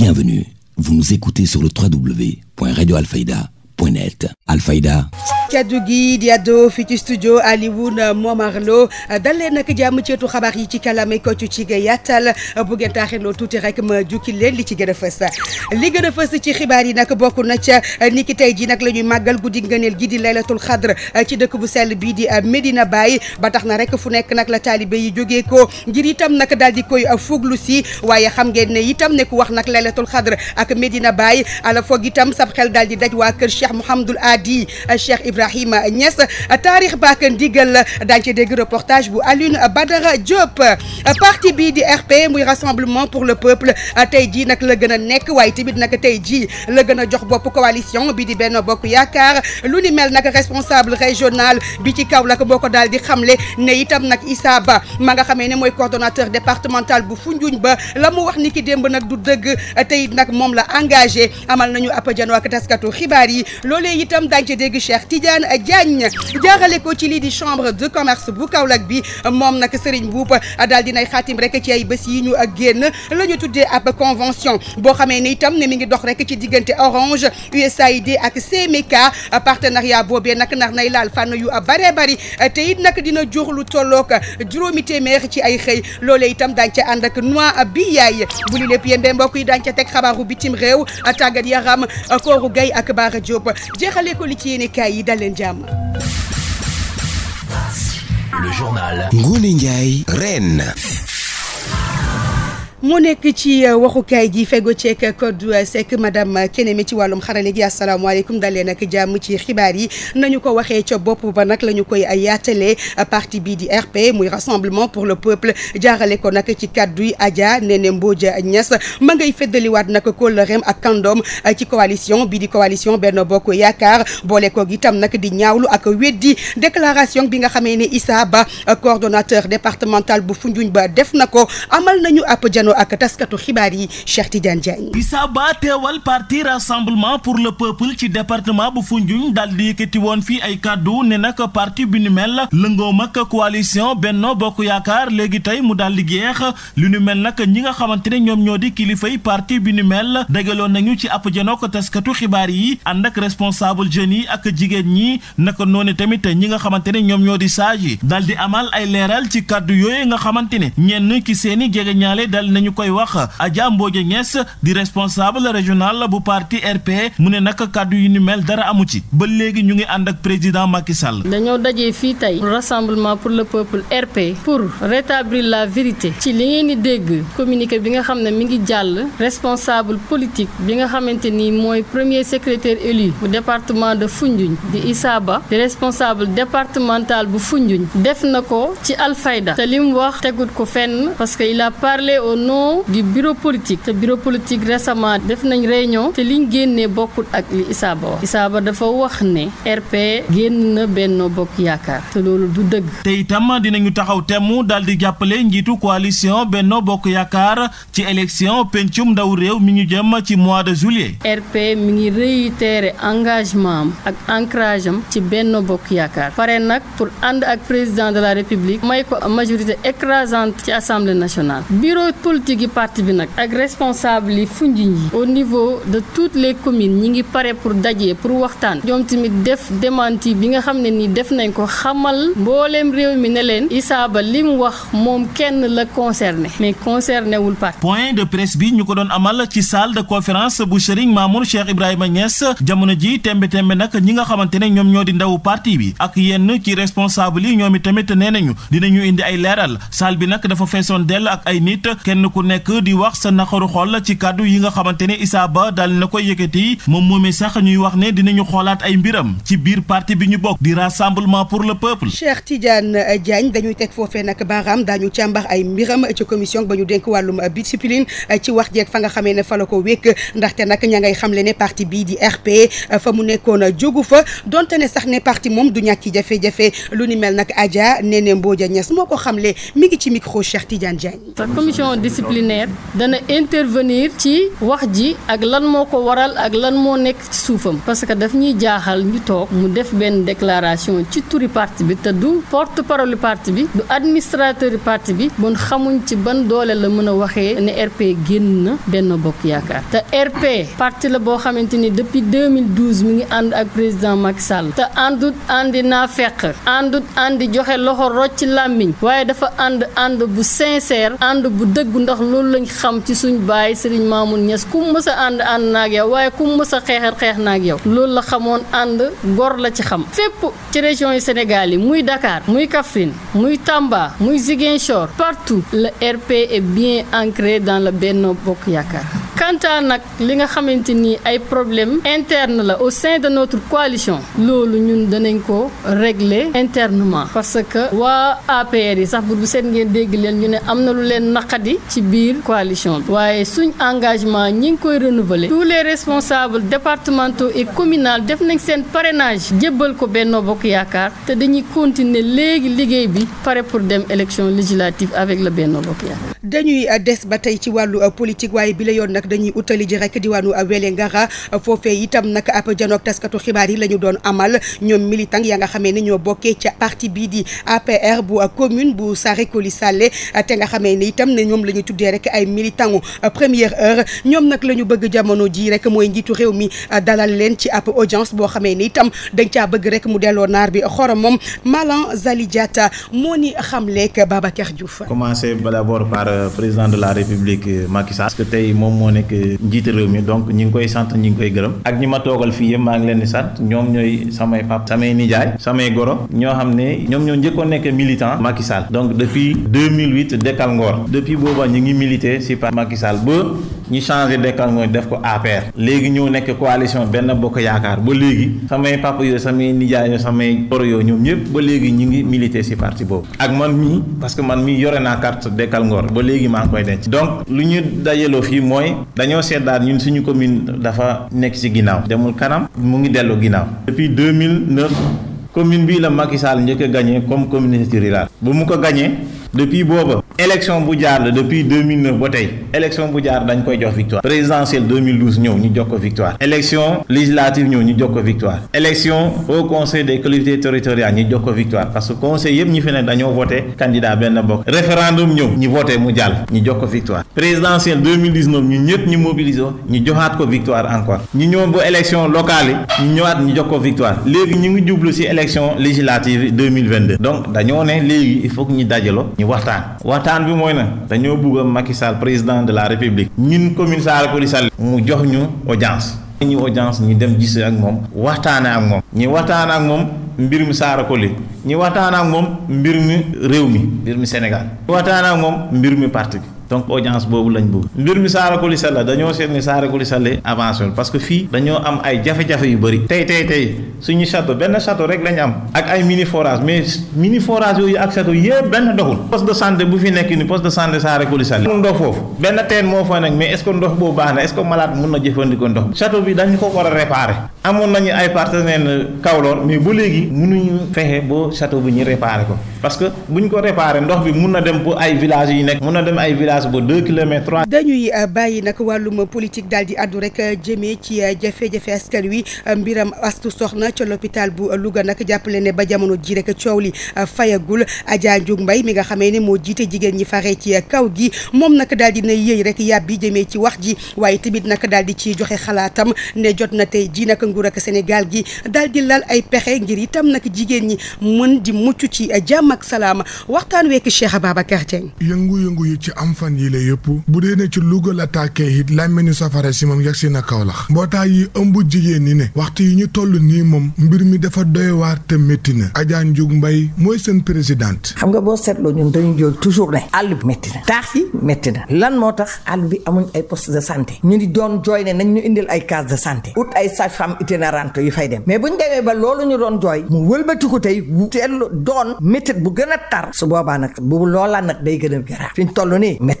bienvenue. Vous nous écoutez sur le www.radioalfaïda.com. alfayda alfayda kaddu gi di àddoo fi ci studio Alioune Momar Lo dal leen nag jàmm ceetu xabaar yi ci kàllaame kocc ci ga yàttal bu ngeen taaxirloo tuuti rek ma jukki leen li ci gën a fës li gën a fës ci xibaar yi nag bokk na ca ni ki tey ji nag la ñuy màggal guddi ngëneel gi di laylatul xadr ci dëkk bu sell bii di Medina Baye ba tax na rek fu nekk nag la taalibe yi jógee ko ngir itam nag daal di koy fuglu si waaye xam ngeen ne itam ne ku wax nag laylatul xadr ak Cheikh Mouhamadul Hadi Cheikh Ibrahima Niass taarix baak ndigal daañu ci dégg reportage bu Alioune Badara Diop parti bii di RP muy rassemblement pour le peuple tey jii nag la gën a nekk waaye tamit nag tey jii la gën a jox bopp coalition bi di Benno Bokk Yaakaar lu ni mel nag responsable régional bi ci lak boo ko daal di xamle ne itam nag Issa Ba ma nga xamee ne mooy coordonnateur départemental bu fu Foundiougne ba la mu wax ni ki démb nag du dëgg tey nag moom la engagé amal nañu ab janoo xibaar yi loolu loolee itam daañu ci dégg Cheikh Tidiane Diagne jaarale ko ci lii di chambre de commerce bu kaw Kaolack bi moom nag Serigne Mboup daal dinay xaatim rek ci ay bés yi ñu génn la ñu tuddee ab convention boo xamee ni itam ne mi ngi dox rek ci diggante Orange USAID ak CMK e partenariat boobee nak nar nay laal fànn yu bëree bëri te it nag dina jox lu tolloog juróomi téeméer ci ay xëy loolee itam daañu ci ànd ak noix bi yaay bu li lépp yembe mbokk yi daañu ca teg xabaaru bitim réew tàggat yaram kooru gay ak Baara Diop ko jeexalee ko li ci yéene kaay yi dal leen jàmm. Le journal Ngoné Ndiaye Reine moo nekk ci euh, waxukaay gi fego ceek Codou Seck madame Keneme ci wàllum xarale gi asalaamaaleykum dalee nag jàmm ci xibaar yi nañu ko waxee ca bopp ba nag la ñu koy yaatalee euh, parti bii di RP muy rassemblement pour le peuple jaarale ko nag ci kaddu yi Adja Nene Mbodj Niass ma ngay feddaliwaat nag kóllëreem ak kandoom euh, ci coalition bii di coalition Benno Bokk Yaakaar boole koog itam nag di ñaawlu ak weddi déclaration bi nga xamee ne Issa Ba coordonnateur départemental bu Foundiougne ba def na ko amal nañu ab jano jàkkaarloo ak taskatu xibaar yi Cheikh Tidiane teewal parti rassemblement pour le peuple ci département bu Foundiougne daal di yëkkati woon fii ay kàddu ne nag parti bi nu mel lëngoom ak coalition Benno Bokk Yaakaar léegi tey mu daal di geex lu nu mel nag ñi nga xamante ne ñoom ñoo di kilifay parti bi nu mel dagaloon nañu ci ab janook taskatu xibaar yi ànd ak responsable jeunes yi ak jigéen ñi naka noonu tamit ñi nga xamante ne ñoom ñoo di saaj yi daal di amal ay leeral ci kàddu yooyu nga xamante ne ñenn ki seeni jegeñaale dal nañu koy wax Adja Mbodj Niass di responsable régional bu parti RP mu ne nag kàddu yu ni mel dara amu ci ba léegi ñu ngi ànd ak président Macky Sall. dañoo dajee fii tey rassemblement pour le peuple RP pour rétablir la vérité ci li ngeen di dégg communiqué bi nga xam ne mi ngi jàll responsable politique bi nga xamante ni mooy premier secrétaire élu bu département de Foundiougne di Issa Ba di responsable départemental bu Foundiougne def na ko ci Alfayda te nom du bureau politique te bureau politique récemment def nañ réunion te liñ génnee bokkut ak li Issaba wax Issaba dafa wax ne RP génn na Benno Bokk Yaakaar te loolu du dëgg. te itam dinañu taxaw temm daal di jàppale njiitu coalition Benno Bokk Yaakaar ci élection pencum ndaw réew mi ñu jëm ci mois de juillet. RP mi ngi réitéré engagement ak ancrage ci Benno Bokk Yaakaar pare nag pour ànd ak président de la république may ko majorité écrasante ci assemblée nationale politique parti bi nag ak responsable yi Foundiougne yi au niveau de toutes les communes ñi ngi pare pour daje pour waxtaan ñoom tamit def démenti bi nga xam ne nii def nañ ko xamal mbooleem réew mi ne leen Issa li mu wax moom kenn la concerné mais concerné wul parti. point de presse bi ñu ko doon amal ci salle de conférence bu Serigne Mamour Cheikh Ibrahima Niass jamono ji tembe tembe nag ñi nga xamante ne ñoom ñoo di ndawu parti bi ak yenn ci responsable yi ñoom tamit nee nañu dinañu indi ay leeral salle bi nag dafa feesoon dell ak ay nit kenn ku nekk di wax sa naqaru xol ci kàddu yi nga xamante ne Issa Ba daal na koy yëkkati moom moomee sax ñuy wax ne dinañu xoolaat ay mbiram ci biir parti bi ñu bokk di rassemblement pour le peuple. Cheikh Tidiane jaañ dañuy teg foofee nag baaraam daañu càmbar ay mbiram ci commission ba ñu dénk wàllum discipline ci wax jeeg fa nga xamee ne fa la ko wékk ndaxte nag ña ngay xamle ne parti bii di RP fa mu nekkoon a jógu fa donte ne sax ne parti moom du ñàkk jafe lu ni mel nag Adja Nene Mbodja Niass moo ko xamle mi ngi ci micro Cheikh Tidiane Diagne. disciplinaire dana intervenir ci wax ji ak lan moo ko waral ak lan moo nekk ci suufam parce que daf ñuy jaaxal ñu toog mu def benn déclaration ci turi parti bi te du porte parole parti bi du administrateur parti bi bon xamuñ ci ban doole la mën a waxee ne RP génn na benn bokk yaakaar te RP parti la boo xamante ni depuis 2012 mi ngi ànd ak président Macky Sall te àndut àndi naa feq àndut àndi joxe loxo rocc làmmiñ waaye dafa ànd ànd bu sincère ànd bu dëggu ndax loolu lañ xam ci suñ baay Serigne Mamoun Niass ku mu ànd ànd naag yow waaye ku mu mës a xeexal xeex naag yow loolu la xamoon ànd gor la ci xam fépp ci région yi Sénégal yi muy dakaar muy Kaffrine muy Tamba muy Ziguinchor partout le RP bien ancré dans le Benno Bokk Yaakaar quant nag li nga xamante ni ay problème interne la au sein de notre coalition loolu ñun danañ ko régler internement parce que waa APR yi sax bu bu seen ngeen dégg leen ñu ne am na lu leen naqadi ci biir coalition bi waaye suñ engagement ñi ngi koy renouveler tous les responsables départementaux et communaux def nañ seen parenage jébbal ko Benno Bokk Yaakaar te dañuy continuer léegi liggéey bi pare pour dem élection législative avec le Benno Bokk Yaakaar. dañuy des ba tey ci wàllu politique waaye bi la yoon nag dañuy utali ji rek diwaanu Vélingara foofee itam nag ab janoog taskatu xibaar yi la ñu doon amal ñoom militan yaa nga xamee ni ñoo bokkee ca parti bii di APR bu commune bu Sarécoly ngi tuddee rek ay militant première heure ñoom nag la ñu bëgg jamono ji rek mooy njiitu réew mi euh, dalal leen ci ab audience boo xamee ni itam dañ caa bëgg rek mu delloo naar bi xoro moom Malang Zali Diatta moo ni xamleeg Babacar Diouf. commencé d'abord par euh, président de la république euh, Macky Sall. que tey moom moo nekk njiitu réew mi donc ñi ngi koy sant ñi ngi koy gërëm. ak ñi ma toogal fii yëpp maa ngi leen di sant ñoom ñooy samay pap samay nijaay. samay goro ñoo xam ne ñoom ñoo njëkkoon nekk militant Macky Sall. donc depuis 2008 dekkal ñu ngi milité si parti Macky Sall ba ñu changé décalage def ko APR. léegi ñëw nekk coalition benn bokk yaakaar ba léegi samay papa yooyu samay nijaay yooyu samay toro yooyu ñoom ñëpp ba léegi ñu ngi milité si parti boobu ak man mii parce que man mii yore naa carte Dekkal Ngor ba léegi maa ngi koy denc donc lu ñu dajaloo fii mooy dañoo seddaat ñu suñu commune dafa nekk ci ginnaaw demul kanam mu ngi dellu ginnaaw depuis 2009 commune bii la Macky Sall njëkk a gagné comme communauté rurale bu mu ko gagné depuis booba élection bu jaar la depuis 2009 ba tey élection bu jaar dañ koy jox victoire présidentielle 2012 ñëw ñu jox ko victoire élection législative ñëw ñu jox ko victoire élection au conseil des collectivités territoriales ñu jox ko victoire parce que conseil yëpp ñi fi nekk dañoo voté candidat benn bokk référendum ñëw ñu voté mu jàll ñu jox ko victoire présidentielle 2019 ñu ñëpp ñu mobilisé ñu joxaat ko victoire encore ñu ñëw ba élection locale yi ñu ñëwaat ñu jox ko victoire léegi ñu ngi jublu ci élection législative 2022 donc dañoo ne léegi il faut que ñu dajaloo ñu waxtaan waxtaan bi mooy na dañoo bugg a Macky président de la république ñun commune Sarakuli Sall mu jox ñu audience ñu audience ñu dem gise ak moom waxtaane ak moom ñu waxtaan ak moom mbir mi Sarakuli ñi waxtaan ak moom mbir mi réew mi mbir mi Sénégal ñu waxtaan ak moom mbir mi parti bi donc audience boobu lañ bëgg mbir mi Saarakouli Sall dañoo seet ni Saarakouli Sall avancé parce que fii dañoo am ay jafe-jafe yu bëri tey tey tey suñu château benn château rek lañ am ak ay mini forage mais mini forage yooyu ak château yëpp benn doxul poste de santé bu fi nekk ni poste de santé Saarakouli Sall ndox foofu benn teen moo fa nekk mais est ce que ndox boobu baax na est ce que malade mun na jëfandikoo ndox mais ba léegi mënuñu fexe ba château bi ñu réparer ko parce que buñ ko réparer ndox bi mun na dem bu ay villages yi nekk mun na dem distance bu deux kilomètres trois. dañuy euh, bàyyi nag wàllum politique daal di àddu rek euh, jëmee ci euh, jafe-jafe askan wi mbiram astu soxna ca l'hôpital bu Louga nag jàppale ne ba jamono ji rek coow li fayagul Adja mbay mi nga xamee ne moo jiite jigéen ñi faree ci kaw gi moom nag daal di na yëy rek yàbbi jëmee ci wax ji waaye tamit nag daal di ci joxe xalaatam ne jot na tey ji nag nguur ak Sénégal gi daal di lal ay pexe ngir itam nag jigéen ñi mën di mucc ci jàmm ak salaam waxtaan wekk Cheikh Ababacar Dieng. fan yi la yëpp bu dee ne ci Louga la tàkkee it làmmiñu safara si moom yegg na Kaolack mbootaay yi ëmb jigéen ñi ne waxtu yi ñu toll nii moom mbir mi dafa doy waar te métti na Adja Ndioug Mbaye mooy seen présidente. xam nga boo seetloo ñun dañu jóg toujours ne àll bi métti na taax yi métti na lan moo tax àll bi amuñ ay poste de santé ñu di doon jooy ne nañ ñu indil ay case de santé ut ay sage-femme itinérante yu fay dem mais buñ demee ba loolu ñu doon jooy mu wëlbatiku tey wu teel doon métit bu a a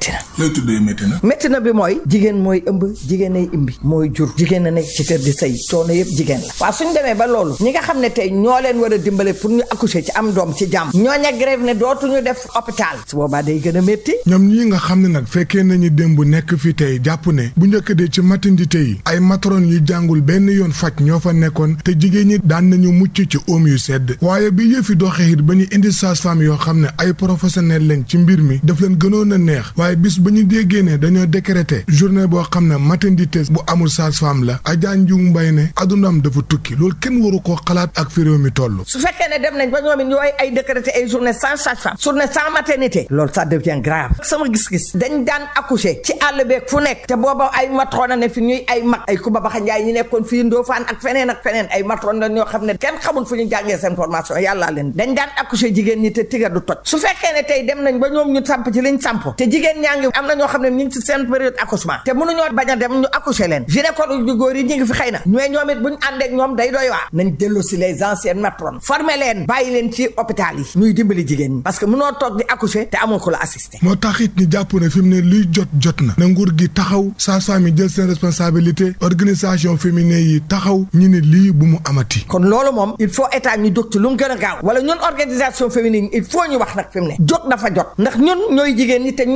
métti na. métti na. métti bi mooy. jigéen mooy ëmb jigéen ay imbi mooy jur jigéen a nekk ci kër di sëy coono yëpp jigéen la waaw suñ demee ba loolu ñi nga xam ne tey ñoo leen war a dimbale pour ñu accoucher ci am doom ci jàmm ña grève ne dootuñu def hôpital su boobaa day gën a métti ñoom ñii nga xam ne nag fekkee nañu démb nekk fi tey jàpp ne bu njëkk de ci maternité yi ay matron yu jàngul benn yoon faj ñoo fa nekkoon te jigéen ñi daan nañu mucc ci oom yu sedd waaye bi yëfi doxee ba ñu indi sage yoo xam ne ay professionnel lañ ci mbir mi daf leen gënoon a neex waaye bis ba ñu déggee ne dañoo décrété journée boo xam ne maternité bu amul sage-femme la Adja Ndioum Mbaye ne adunam dafa tukki loolu kenn waru koo xalaat ak fi réew mi toll. su fekkee ne dem nañ ba ñoom it ñooy ay décrété ay journée sans sage-femme journée sans maternité. nekk te booba ay matrona ne fi ñuy ay mag ay Kuba ñu nekkoon fii Ndofane ak feneen ak feneen ay matrona ñoo xam ne kenn xamul fu ñu jàngee seen formation yàlla leen dañ samp ci liñ samp te jigéen jigéen ñaa ngi am na ñoo xam ne ñu ngi ci seen période accouchement te mënuñoo bañ a dem ñu accoucher leen gynécologue góor yi ñu ngi fi xëy na ñooy ñoom it buñu ànd ak ñoom day doy waa nañ dellu si les anciennes matrones former leen bàyyi leen ci hôpital yi ñuy dimbali jigéen ñi parce que mënoo toog di accoucher te amul ko la assister moo tax it jàpp ne fi luy jot jot na nguur gi taxaw sages-femmes yi jël seen responsabilité organisation féminine yi taxaw ñu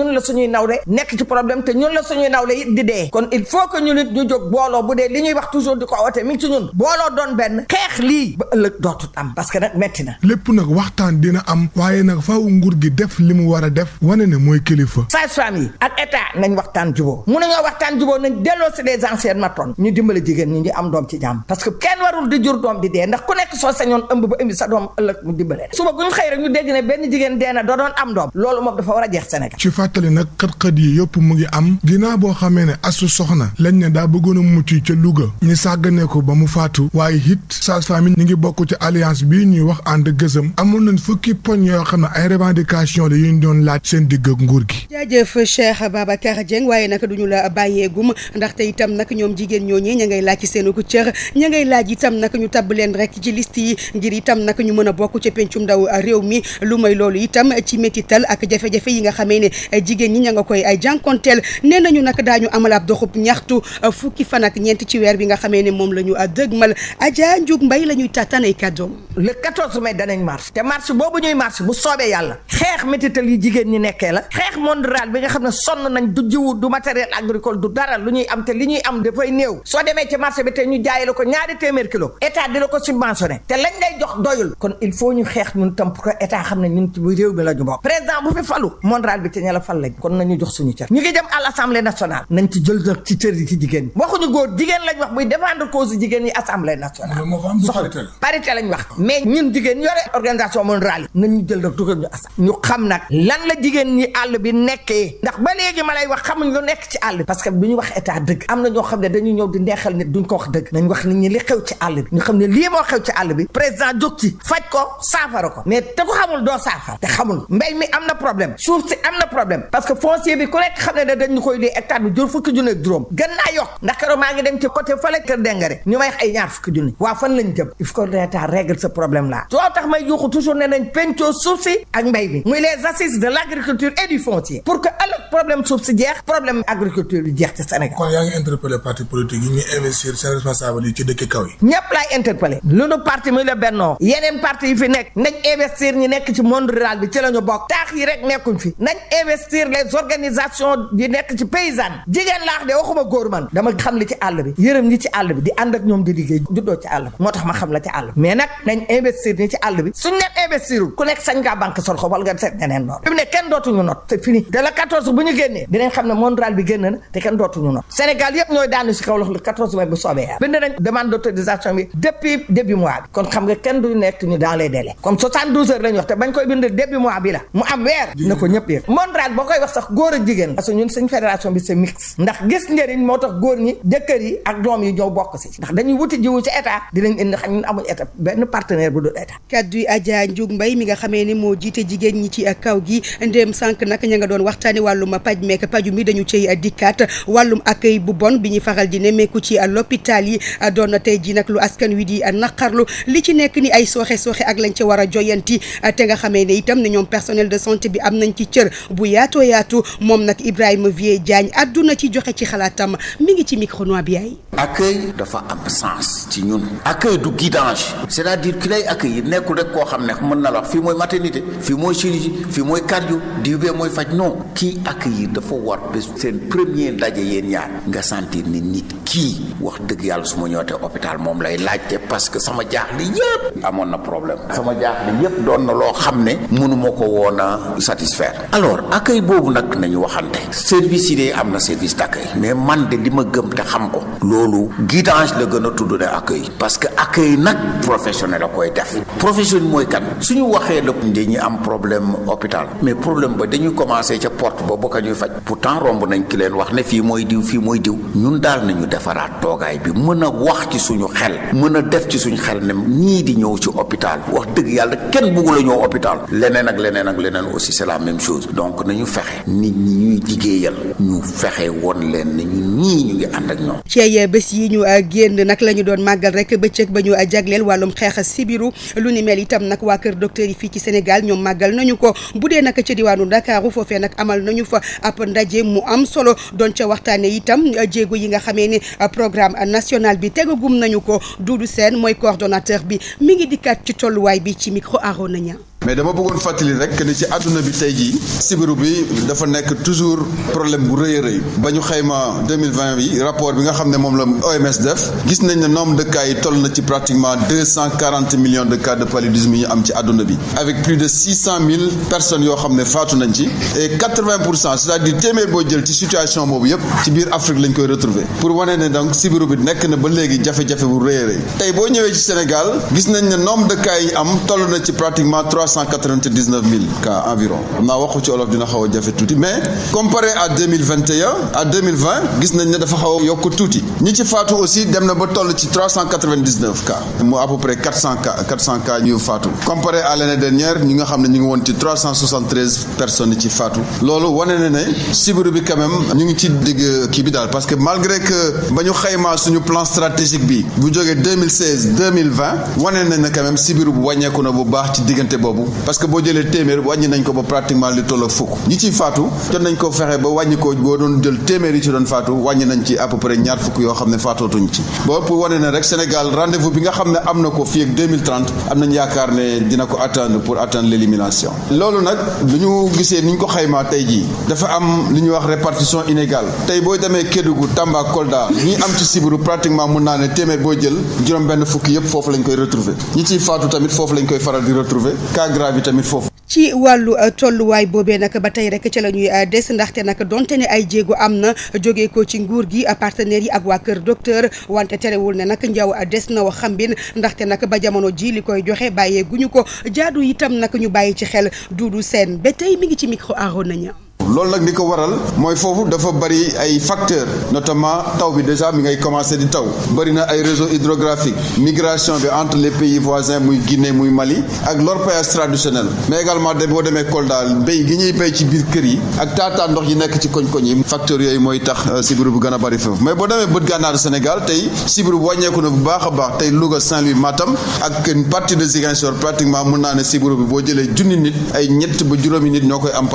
a suñuy nawle nekk ci problème te ñun la suñuy nawle it di dee kon il faut que ñu nit ñu jóg booloo bu dee li ñuy wax toujours di ko oote mi ci ñun booloo doon benn xeex lii ba ëllëg dootut am parce que nag metti na lépp nag waxtaan dina am waaye gi def li mu war a def wane ne mooy kilifa sage-femme yi ak état nañ waxtaan juboo mun nañoo waxtaan juboo nañ ñu dimbale jigéen ñi ñu am doom ci jàmm parce que kenn warul di jur doom di dee ndax ku nekk soo sañoon ëmb ba ëmb sa doom ëllëg mu dimbale suba bu ñu xëy rek ñu dégg ne benn jigéen dee na doo doon am doom loolu moom dafa war a jeex Sénégal nag xët-xët yi yëpp mu ngi am ginnaaw boo xamee ne asu soxna lañ ne daa bëggoon a mucc ca Louga ñu sàggane ko ba mu faatu waaye it sage-femme yi ñi ngi bokk ci alliance bi ñuy wax ànd gësëm amoon nañ fukki poñ yoo xam ne ay revendication la yu ñu doon laaj seen digg ak nguur gi. jaajëf Cheikh Babacar Dieng waaye nag duñu la bàyyeegum ndaxte itam nak ñoom jigéen ñooñee ña ngay laaj ci seen cër ña ngay laaj itam nak ñu tab leen rek ci list yi ngir itam nag ñu mën a bokk ca pencum ndaw réew mi lu may loolu itam ci métital ak jafe yi nga xamee jigéen ñi ña nga koy ay jànkonteel nee nañu nag daañu amal ab doxub ñaxtu euh, fukki fan ak ci weer bi nga xamee ne moom la ñu euh, dëgmal Adja Ndiouk Mbaye la ñuy tàttaan ay kàddoom le 14 mai danañ marche te marche boobu ñuy marche bu soobee yàlla xeex métital yi jigéen ñi nekkee la xeex monde rural bi nga xam ne sonn nañ du jiwu du matériel agricole du dara lu ñuy am te li ñuy am dafay néew soo demee ci marché bi te ñu jaayee la ko ñaari téeméer kilo état di la ko subventionné te lañ lay jox doyul kon il faut ñu xeex bi kon nañu jox suñu cër ñu ngi jëm à l'Assemblée nationale nañ ci jël nag ci cër yi ci jigéen ñi waxuñu góor jigéen lañ wax buy défendre cause jigéen yi Assemblée nationale soxla parité lañ wax mais ñun jigéen yore organisation mondiale nañu jël ñu asa ñu xam nag lan la jigéen ñi àll bi nekkee ndax ba léegi ma lay wax xamuñ lu nekk ci àll parce que bu ñu wax état dëgg am na ñoo xam ne dañu ñëw di neexal nit duñ ko wax dëgg nañ wax nit ñi li xew ci àll bi ñu xam ne lii moo xew ci àll bi président jóg ci faj ko saafara ko mais te ko xamul doo saafara te xamul mbéy mi am na problème suuf si am na problème parce que foncier bi ku nekk xam ne ne dañu koy luy hectare bi jur fukki junne ak gën naa yokk ndax keroog maa ngi dem ci côté fële kër Dengare ñu may wax ay ñaar fukki junne waaw fan lañ jëm il faut que l'état règle ce problème là soo tax may yuuxu toujours ne nañ pencoo suuf si ak mbay bi muy les assises de l' agriculture et du foncier pour que ëllëg problème suuf si jeex problème agriculture bi jeex ci Sénégal kon yaa ngi interpellé parti politique yi ñëpp laay interpellé lu nu parti muy la bennoo fi nekk nañ investir ñi nekk monde rural bi ci la ñu bokk taax yi rek nekkuñ les organisations yi nekk ci paysanne jigéen laax de waxuma góor man dama xam li ci àll bi yërëm ñi ci àll bi di ànd ñoom di liggéey juddoo ci àll bi moo tax ma xam la ci àll bi mais nag nañ investir ñi ci àll bi suñ ku nekk sañ ngaa banque sol ne kenn dootuñu not c'est fini te la 14 bu ñu na te kenn dootuñu not Sénégal yëpp ñooy daanu si kaw lox le 14 mai bu soobee yàlla bind kon xam nga kenn du nekk ñu dans les délais bañ koy bind début mois bi mu am weer na ko ñëpp yëg wax sax góor a jigéen parce que ñun suñ fédération bi c'est mixte ndax gis njëriñ moo tax góor ñi jëkkër yi ak doom yi ñoo bokk si ndax dañuy wuti jiwu ci état dinañ indi xam ñun amuñ état benn partenaire bu dul état kaddu yi mi nga xamee ni moo jiite jigéen ñi ci a kaw gi ndéem sànq nak ña nga doon waxtaani wàllum paj meek paju mi dañu ciy dikkaat wàllum ak bu bon bi ñu faral di nemmeeku ci l'hôpital yi doon na tey ji nag lu askan wi di naqarlu li ci nekk ni ay sooxe sooxe ak lañ ca war a joyanti te nga xamee ne itam ne ñoom personnel de santé bi am nañ ci cër yaatu moom nag Ibrahima Vier Diagne àdduna ci joxe ci xalaatam mi ngi ci micro noir bi ay dafa am sens ci ñun. accueil du guidage. c'est-à-dire ki lay yi nekkul rek koo xam ne mën na la wax fii mooy maternité fii mooy chirurgie fii mooy cardio diw bee mooy faj non kii accueillir dafa war bés seen premier ndaje yéen ñaar nga sentir ni nit kii wax dëgg yàlla su ma ñëwaatee hôpital moom lay laajte parce que sama jaaxle yëpp amoon na problème sama jaaxle yëpp doon na loo xam ne mënuma ko woon a satisfaire alors boobu nag nañu waxante service yi dee am na service d'accueil mais man de li ma gëm te xam ko loolu guidance la gën a tudd ne accueil parce que accueil nag professionnel la koy def professionnel mooy kan ñu waxee la dañuy am problème hôpital mais problème ba dañuy commencé ca porte ba ba ko ñuy faj pourtant romb nañ ki leen wax ne fii mooy diw fii mooy diw ñun daal nañu defaraat toogaay bi mën a wax ci suñu xel mën a def ci suñu xel ñii di ñëw ci hôpital wax dëgg yàlla kenn bëggu la ñëw hôpital leneen ak leneen ak leneen aussi c'est la même chose fexe nit ñi ñuy liggéeyal ñu fexe woon leen ne ñun ñu ngi ànd ak ñoom. ci ay bés yi ñu ah, génn nag la ñu doon màggal rek bëccëg ba ñu ah, jagleel wàllum xeex sibiru lu ni mel itam nag waa kër docteur yi fii ci Sénégal ñoom màggal nañu ko bu dee nag ca diwaanu Ndakaaru foofee nag amal nañu fa ab ndaje mu am solo doon ca waxtaane itam ah, jéego yi nga xamee ne programme national bi tegagum nañu ko Doudou Sène mooy coordonnateur bi mi ngi dikkaat ci tolluwaay bi ci micro Arona Niang mais dama bëggoon fàttali rek ni ci àdduna bi tey jii sibiru bi dafa nekk toujours problème bu rëy a rëy ba ñu xayma 2020 bi rapport bi nga xam ne moom la OMS def gis nañ ne noom de cas yi toll na ci pratiquement 240 millions de cas de paludisme yi ñu am ci àdduna bi avec plus de 600 personnes yoo xam ne faatu nañ ci et 80 cent c'est-à-dire téeméer boo jël ci situation boobu yëpp ci biir Afrique lañ koy retrouver pour wane ne donc sibiru bi nekk na ba léegi jafe-jafe bu rëy a rëy tey nañ ne nombre yi am toll na ci 399000 cas environ xam naa waxu ci olof dina xaw a jafe tuuti mais comparé à 2021 gis nañ ne dafa xaw yokk tuuti ñi ci faatu aussi dem na ba toll ci 399 cas mu à peu près 400 cas 400 faatu comparé à l'année dernière ñi nga xam ne ñu ngi woon ci 373 personnes ci faatu loolu wane na ne sibiru bi quand ñu ngi ci digg ki bi daal parce que malgré que ba ñu xaymaa suñu plan stratégique bi bu jógee 2016 2020 wane na ne quand même sibiru bu wàññeeku na bu baax ci diggante boobu parce que boo jëlee téeméer wàññi nañ ko ba pratiquement li toll ak fukk ñi ciy faatu jot nañ ko fexe ba wàññi ko boo doon jël téeméer yi ci doon faatu wàññi nañ ci à peu près yoo xam ne faatootuñ ci boo pour wane ne rek Sénégal rendez bi nga xam ne am na ko fii ak 2030 am nañ yaakaar ne dina ko atteindre pour atteindre l'élimination loolu nag lu ñu gisee ni ñu ko xaymaa tey jii dafa am li ñu wax répartition inégale tey boo demee Kédougou Tamba Kolda ñi am ci sibiru pratiquement mun naa ne téeméer boo jël juróom benn fukki yëpp foofu lañ koy retrouver ñi ciy faatu tamit foofu lañ koy faral di retrouver aggravé tamit foofu. ci wàllu euh, tolluwaay boobee nag ba tey rek ca la ñuy euh, des ndaxte nag donte ne ay jéego am na jóge ko ci nguur gi euh, partenaires yi ak waa kër docteur wante terewul ne nag njaw des na wax xambin ndaxte nag ba jamono jii li koy joxe bàyyee guñu ko jaadu itam naka ñu bàyyi ci xel duudu seen ba tey mi ngi ci micro Arona Niang loolu nag li ko waral mooy foofu dafa bari ay facteurs notamment taw bi déjà mi ngay commencer di taw bari na ay réseau hydrographique migration bi entre les pays voisins muy Guinée muy Mali ak l'orpaillage traditionnel mais également de boo demee Kolda béy gi ñuy béy ci biir kër yi ak taataan ndox yi nekk ci koñ-koñ yi facteurs yooyu mooy tax euh, sibiru bu gën a bari foofu mais boo demee bët gànnaaru Sénégal tey sibiru bu wàññeeku na bu baax a baax tey Louga saint Matam ak une de Ziguinchor pratiquement mun naa ne sibiru bi boo jëlee junni nit ay ñett ba juróomi nit ñoo koy am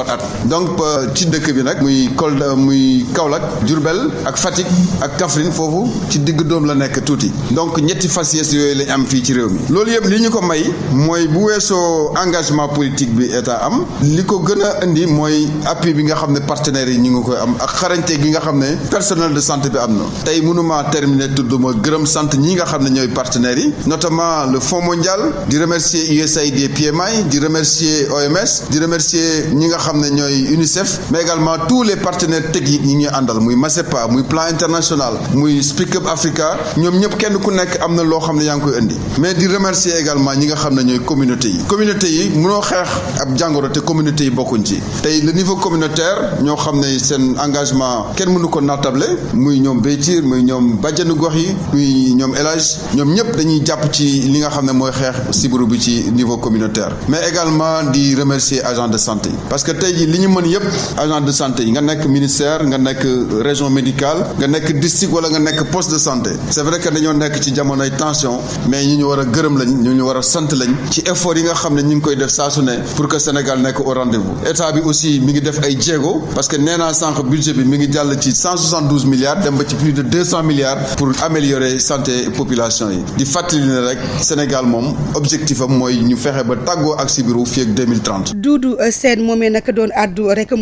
ci dëkk bi nag muy Kolda muy Kaolack Diourbel ak Fatick ak Kaffrine foofu ci digg doom la nekk tuuti donc ñetti faciès yooyu lañ am fii ci réew mi loolu yëpp li ñu ko may mooy bu weesoo engagement politique bi état am li ko gën a indi mooy appui bi nga xam ne partenaires yi ñu ngi koy am ak xarañte gi nga xam ne personnel de santé bi am na tey mënuma terminer tudd ma gërëm sant ñi nga xam ne ñooy partenaires yi notamment le Fonds mondial di remercier USAID PMI di remercier OMS di remercier ñi nga xam ne ñooy UNICEF mais également tous les partenaires techniques ñi ñuy àndal muy MACEPA muy plan international muy Speak Up Africa ñoom ñëpp kenn ku nekk am na loo xam ne yaa ngi koy indi mais di remercier également ñi nga xam ne ñooy communauté yi communauté yi munoo xeex ab jàngoro te communauté yi bokkuñ ci tey le niveau communautaire ñoo xam ne seen engagement kenn mënu ko naatable muy ñoom Béytir muy ñoom bàjjanu gox yi muy ñoom élage ñoom ñëpp dañuy jàpp ci li nga xam ne mooy xeex sibiru bi ci niveau communautaire mais également di remercier agent de santé parce que tey ji li ñu mën yëpp agent de santé yi nga nekk ministère nga nekk euh, région médicale nga nekk district wala nga nekk poste de santé c'est vrai que dañoo nekk ci jamonoy tension mais ñu ñu war a gërëm lañ ñu ñu war a sant ci effort yi nga xam ne ñu ngi koy def saa ne pour que Sénégal nekk au rendez-vous état bi aussi mi ngi def ay jéego parce que nee naa budget bi mi ngi jàll ci 172 milliards dem ba ci plus de 200 milliards pour améliorer santé population yi di fàttali ne rek Sénégal moom objectif am mooy ñu fexe ba tàggoo ak sibiru fii ak 2030.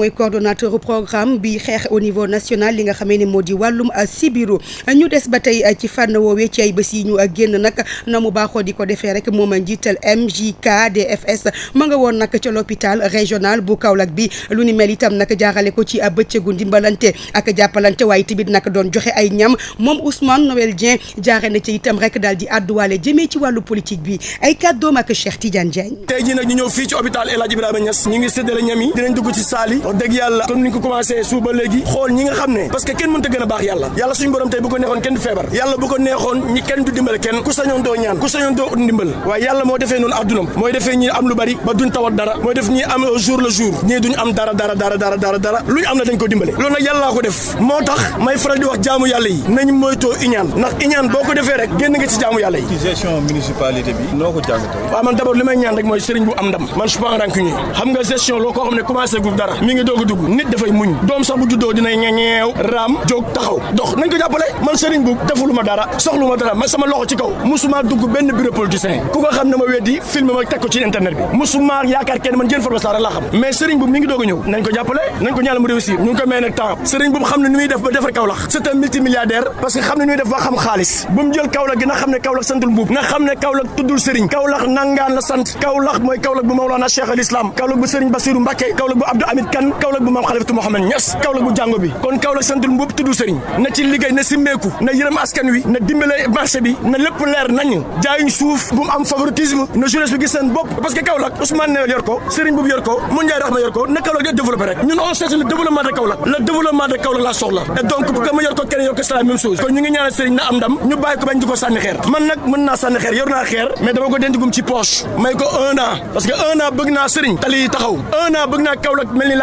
mooy coordonnateur programme bi xeex au niveau national li nga xamee ne moo di wàllum sibiru ñu des ba tey ci fànn woowee ci ay bés yi ñu génn nag na mu baaxoo di ko defee rek moom a njiital MJKDFS ma nga woon nak ca l'hôpital régional bu Kaolack bi lu ni mel itam nag jaarale ko ci a bëccëgu ndimbalante ak jàppalante waaye tamit nak doon joxe ay ñam moom Ousmane Noël Dieng jaare na ci itam rek daal di àdduwaale jëmee ci wàllu politique bi ay kàddoom ak Cheikh Tidiane Diagne. tey jii nag ñu ñëw dëgg yàlla comme ni nga ko commencé suuba léegi xool ñi nga xam ne parce que kenn mënta gën a baax yàlla yàlla suñu borom ko neexoon kenn du feebar yàlla bu ko neexoon kenn du dimbal kenn ku sañoon doo ñaan ku sañoon doo ndimbal waaye yàlla moo defee noonu addunam mooy defee ñi am lu bari ba duñ tawat dara mooy def ñi am jour le jour ñii duñ am dara dara dara dara am na dañ ko dimbale loolu nag yàllaa ko def moo tax may faral di wax jaamu yàlla yi nañ doog a dugg nit dafay muñ doom sax bu juddoo dinay ñeñeew raam jóg taxaw dox nañ ko jàppale man sëriñ bu defulu ma dara soxlu dara ma sama loxo ci kaw musuma dugg benn bureau politicien ku ko xam ne ma weddi film ma teg ko ci internet bi musuma yaakaar kenn man jën formation rek laa xam mais sëriñ bu mi ngi doog a ñëw nañ ko jàppale nañ ko ñaanal mu réussir ñu ko may nag sëriñ bu xam ne nu def ba defar Kaolack c'est un parce Kaolack bu maam xalifatu Mohamed Niass Kaolack bu jàngo bi kon Kaolack santul mbuub tudd sëriñ na ci liggéey na simmeeku na yërëm askan wi na dimbale marché bi na lépp leer nañ jaayuñ suuf bu am favoritisme na jeunesse bi gis seen bopp parce que Kaolack Ousmane Noël yor ko Serigne Boub yor ko Moundiaye Rahma yor na Kaolack di développé rek ñun on cherche le développement de Kaolack le développement de Kaolack la soxla et donc pour ma yor ko keneen yor ko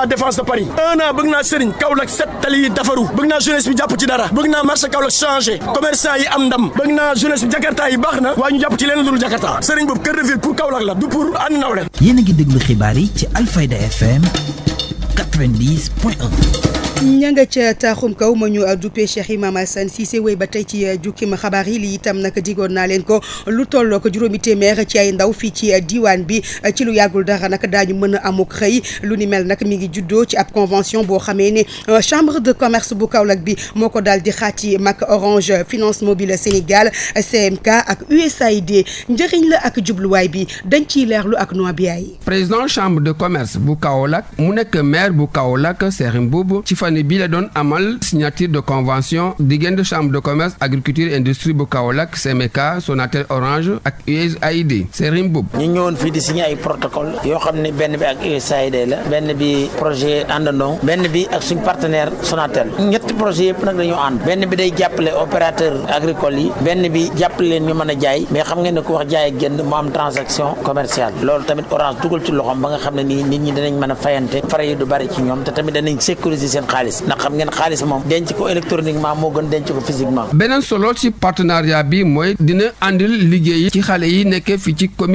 c'est défense de Paris un an bëgg naa sëriñ Kaolack set tali dafaru bëgg naa jeunesse bi jàpp dara bëgg naa marché Kaolack changé commerçant yi am ndam bëgg naa jeunesse bi Jakarta yi baax na waaye ñu jàpp ci leen dul Jakarta sëriñ boobu cœur de ville pour Kaolack la du pour ànd nawle yéen a ngi déglu xibaar yi FM ña nga ca taaxum kaw ma ñu duppee Cheikh Imam Assane Cissé wéy ba tey ci jukkim xabaar yi li itam nag digoon naa leen ko lu tolloo ko juróomi téeméer ci ay ndaw fii ci diwaan bi ci lu yàggul dara nag daañu mën a amuk xëy lu ni mel nag mi ngi juddoo ci ab convention boo xamee ne euh, chambre de commerce bu Kaolack bi moo ko daal di xaati mag Orange Finance Mobile Sénégal CMK ak USAID njëriñ la ak jubluwaay bi dañ ciy leerlu ak noa bi ay président chambre de commerce bu Kaolack mu nekk maire bu Kaolack Serigne année bii la doon amal signature de convention diggante chambre de commerce agriculture industrie bu Kaolack CMK Sonatel Orange ak USAID Serigne Boub. ñu ñëwoon fii di signé ay protocole yoo xam ne benn bi ak USAID la benn bi projet àndandoo benn bi ak suñ partenaire Sonatel ñett projet yëpp nag dañoo ànd benn bi day jàppale opérateur agricole yi benn bi jàppale leen ñu mën a jaay mais xam ngeen ko ku wax jaay ak jënd mu am transaction commerciale loolu tamit Orange dugal ci loxoom ba nga xam ne nii nit ñi danañ mën a fayante xaalis ndax xam ngeen xaalis moom denc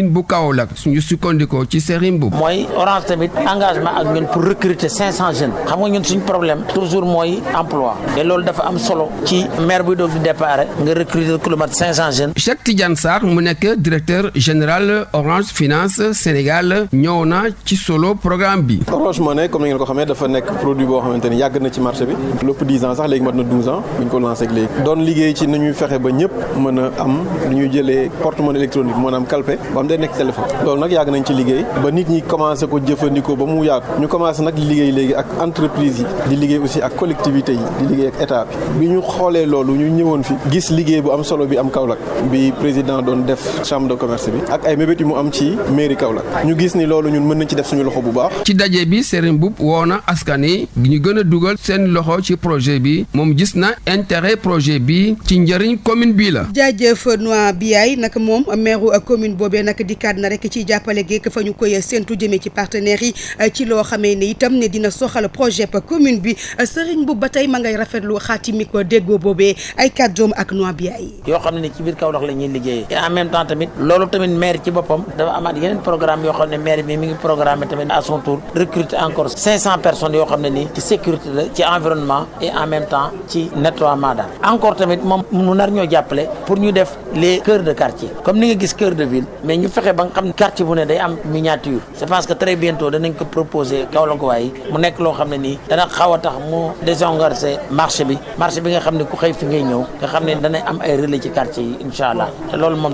bu Kaolack suñu sukkandikoo ci Serigne Mboup. mooy orange tamit engagement ak ñun pour recruter xam nga ñun suñu problème toujours mooy emploi te loolu dafa am solo ci maire buy doog di départ nga recruter kilomètre 500 jeunes. Cheikh Tidiane Sarr mu nekk directeur général Orange Finance Sénégal ñëw na ci solo programme bi. Orange Money comme ni ngeen ko xamee dafa nekk produit boo xamante yàgg na ci marché bi lépp 10 ans sax léegi mat na 12 ans bu ñu ko lancé ak léegi doon liggéey ci nañuy fexe ba ñëpp mën a am lu ñuy jëlee porte monnaie électronique maanaam ba am day nekk téléphone loolu nag yàgg nañ ci liggéey ba nit ñi commencé ko jëfandikoo ba mu yaatu ñu commencé nag liggéey léegi ak entreprise yi di liggéey ak collectivité bi bi ñu xoolee loolu ñu ñëwoon fi gis liggéey bu am solo bi am Kaolack bi président doon def chambre de commerce bi ak ay mébét yu mu am ci mairie Kaolack ñu gis ni loolu ñun mën nañ ci def suñu loxo bu baax ci a dugal seen loxo ci projet bi moom gis na projet bi ci la. jaajëf Noa Biaye nag moom maire commune boobee nag dikkaat na rek ci jàppale geek fa ñu koy séntu jëmee ci partenaires yi ci loo xamee ne itam ne dina soxal projet ba commune bi sëriñ bu ba tey ma ngay rafetlu xaatimi ko déggoo boobee ay kàddoom ak Noa Biaye. yoo xam ne ci biir Kaolack la ñuy liggéeyee. en même temps tamit loolu tamit maire ci boppam dafa amaat yeneen programme yoo xam ne maire bi mi ngi programme tamit à son tour recruter encore 500 personnes yoo xam ne nii ci sécurité. alerte la ci environnement et en même temps ci nettoiement daal encore tamit moom mu nar ñoo jàppale pour ñu def les cœurs de quartier comme ni nga gis cœur de ville mais ñu fexe ba nga xam ne quartier bu ne day am miniature je pense que très bientôt danañ ko proposer Kaolack waay mu nekk loo xam ne nii dana xaw a tax mu désengorger marché bi marché bi nga xam ne ku xëy fi ngay ñëw nga xam ne dana am ay relais ci quartier yi incha allah te loolu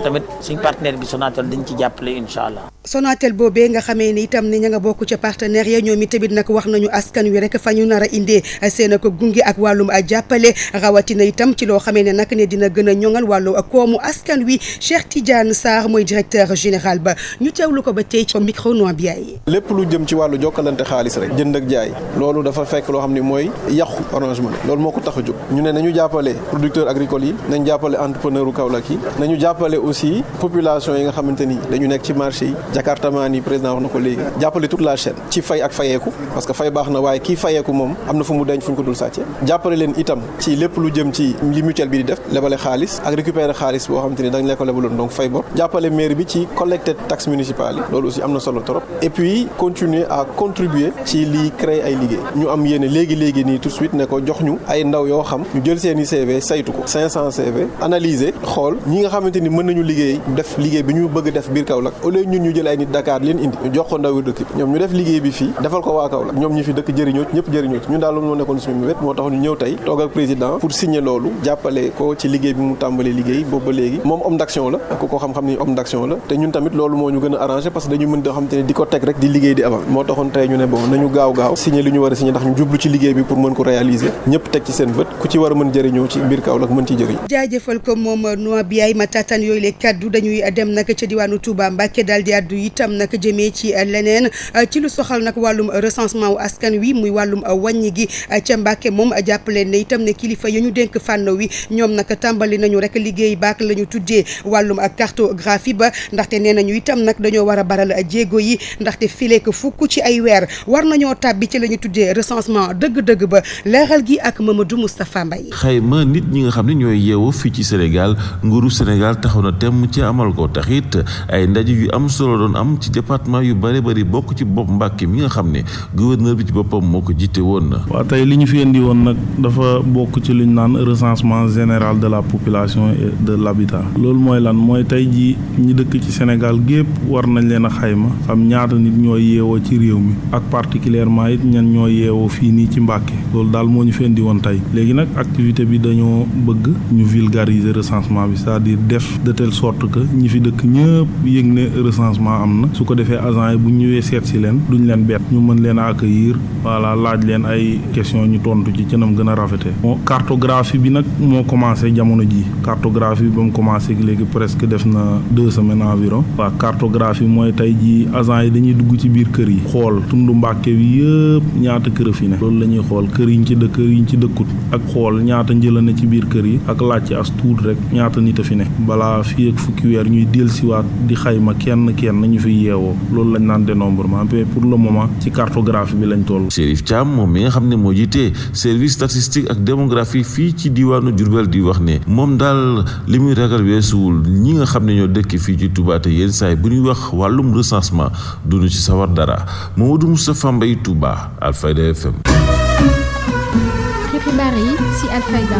a indee seen ak gunge ak wàllum jàppale rawatina itam ci loo xamee ne nag ne dina gën a ñoŋal wàllu koomu askan wi Cheikh Tidiane Sarr mooy directeur général ba ñu lu ko ba tey ci micro noa bi lépp lu jëm ci wàllu jokkalante xaalis rek jënd ak jaay loolu dafa fekk loo xam ni mooy yàqu Orange loolu moo ko tax a jóg ñu ne nañu jàppale producteurs agricoles yi nañ jàppale entrepreneur u Kaolack yi nañu jàppale aussi population yi nga xamante ni dañu nekk ci marché yi jakartamaan yi président wax na ko léegi jàppale toute la chaîne ci fay ak fayeeku parce que fay baax na am na fu mu denc fu ñu ko dul sàcce jàppale leen itam ci lépp lu jëm ci li mutuelle bi di def lebale xaalis ak récupérer xaalis boo xam te ne dañ lebaloon donc fay bor jàppale maire bi ci collecter taxe municipale yi loolu aussi am na solo trop et puis continuer à contribuer ci lii créer ay liggéey ñu am yéene léegi léegi nii tout de suite ne ko jox ñu ay ndaw yoo xam ñu jël seen i CV saytu ko 500 CV analyser xool ñi nga xamante ni mën nañu liggéey def liggéey bi ñu bëgg ñu jël ay nit daal moo nekkoon suñu mbébét moo tax ñu ñëw tey toog président pour signer loolu jàppale ko ci liggéey bi mu tàmbalee liggéey boobu léegi moom homme d'action la ku ko xam-xam ni homme d'action la te ñun jublu ci liggéey bi pour mën ko réaliser ñëpp teg ci seen bët ku ci war a mën jëriñoo ci biir Kaolack mën ci jëriñ jaajëfal ko moom noo bi ay ma tatan yooyu le kaddu dañuy dem nag ca diwaanu Touba Mbacké daal di addu itam nag jëmee ci gi eh, ca Mbàkke moom eh, jàppale ne itam ne kilifa ya ñu dénk fànn wi ñoom nag tàmbali nañu rek liggéey baak la ñu tuddee wàllum ak eh, cartographie ba ndaxte nee nañu itam nag dañoo war a baral a jéego yi ndaxte ko fukk ci ay weer war nañoo tàbbi ci la ñu tuddee recensement dëgg-dëgg ba leeral gi ak Mamadou Moustapha Mbaye xayma nit ñi nga xam ne ñooy yeewu fii ci Sénégal nguuru Sénégal taxaw na temm ci amal ko taxit ay ndaje yu am solo doon am ci département yu bëri bëri bokk ci bopp Mbàkke mi nga xam ne gouverneur bi ci boppam moo ko jiite woon waaw tey li ñu fi indi woon nag dafa bokk ci li ñu naan recensement général de la population et de l'habitat loolu mooy lan mooy tey ji ñu dëkk ci Sénégal gépp war nañ leen a xayma xam ñaata nit ñooy yeewoo ci réew mi ak particulièrement it ñan ñooy yeewoo fii nii ci Mbàkke loolu daal moo ñu fi indi woon tey léegi nag activité bi dañoo bëgg ñu vulgariser recensement bi c'est-à-dire def de telle sorte que ñi fi dëkk ñëpp yëg ne recensement am na su ko defee agent yi bu ñëwee seet si leen duñ leen bett ñu mën leen a accueillir voilà laaj leen ay ay question ñu tontu ci cënam gën a rafete moo cartographie bi nag moo commencé jamono ji cartographie bi ba mu commencé léegi presque def na deux semaines environ waa cartographie mooy tey ji agent yi dañuy dugg ci biir kër yi xool tund mbàkke bi yëpp ñaata kër fi ne loolu la ñuy xool kër yiñ ci dëkk kër yiñ ci dëkkut ak xool ñaata njëla ne ci biir kër yi ak laajte as tuut rek ñaata nit a fi ne balaa fi ak fukki weer ñuy delsiwaat di xayma kenn kenn nañu fi yeewoo loolu lañ naan dénombrement mais pour le moment ci cartographie lañ toll xam ne moo jiite service statistique ak démographie fii ci diwaanu Diourbel di wax ne moom daal li muy ragal weesuwul ñi nga xam ne ñoo dëkk fii ci Touba te yenn saa bu ñuy wax wàllum recensement duñu ci sawar dara Mamadou Moustapha Mbaye Touba Alfayda FM. xibaar yi ci Alfayda.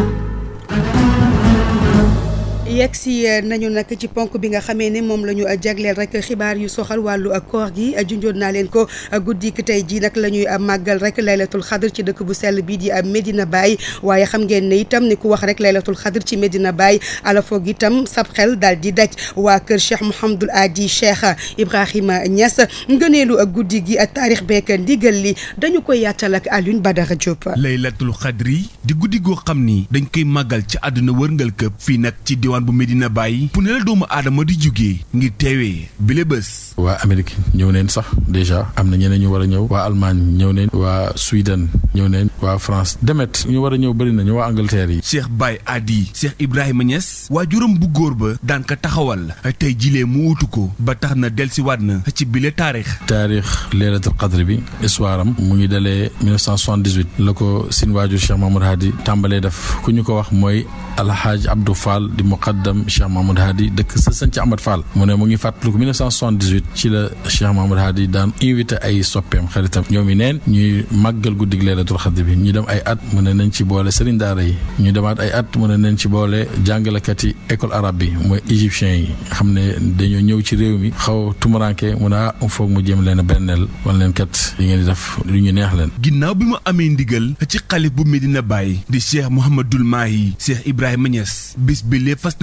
yegg si euh, nañu nag ci ponk bi nga xamee ne moom la ñu euh, jagleel rek xibaar yu soxal wàllu euh, koor gi junjoon naa leen ko guddi guddik tey jii nag la ñuy màggal rek laylatul xadr ci dëkk bu sell bii di Medina Baye waaye xam ngeen ne itam ni ku wax rek laylatul xadr ci Medina Baye alafoog itam sab xel daal di daj waa kër Cheikh Mouhamadul Adi Cheikh Ibrahima Niass ngëneelu guddi gi ak taarix beek ndigal li dañu koy yaatal ak Alioune Badara Diop. laylatul xadri di guddi goo xam ni dañ koy màggal ci àdduna wërngal këpp fii nag ci diwaan bu Medina Baye fu ne la doomu aadama di jugee ngir teewee bile bés. waa Amérique ñëw neen sax déjà am na ñeneen ñu war a ñëw waa Allemagne ñëw neen waa Sweden ñëw neen waa France demet ñu war a ñëw bëri nañu waa Angleterre yi. Cheikh Baye Adi Cheikh Ibrahima waa waajuram bu góor ba daan ko taxawal tey jilee mu wutu ko ba tax na del dellusiwaat na ci bile taarix. taarix leelatul qadri bi histoire am mu ngi dalee 1978 la ko sin waajur Cheikh Mamadou Hadi tàmbalee def ku ñu ko wax mooy Alhaji Abdou Fall di muqad muqaddam Cheikh Mahmoud Hadi dëkk sa sëñ ci Amad Fall mu ne mu ngi fàttaliku ci la Cheikh Mahmoud Hadi daan invité ay soppeem xaritam ñoom yi neen ñuy màggal guddig leelatul xadr bi ñu dem ay at mu ne nañ ci boole sëriñ yi ñu demaat ay at mu ne nañ ci boole jàngalekat yi école bi mooy égyptien yi xam ne dañoo ñëw ci réew mi xaw tumuranke mu ne ah mu jëm leen a benneel wan li ngeen di def lu ñu neex leen ginnaaw bi mu amee ndigal ci xalif bu Medina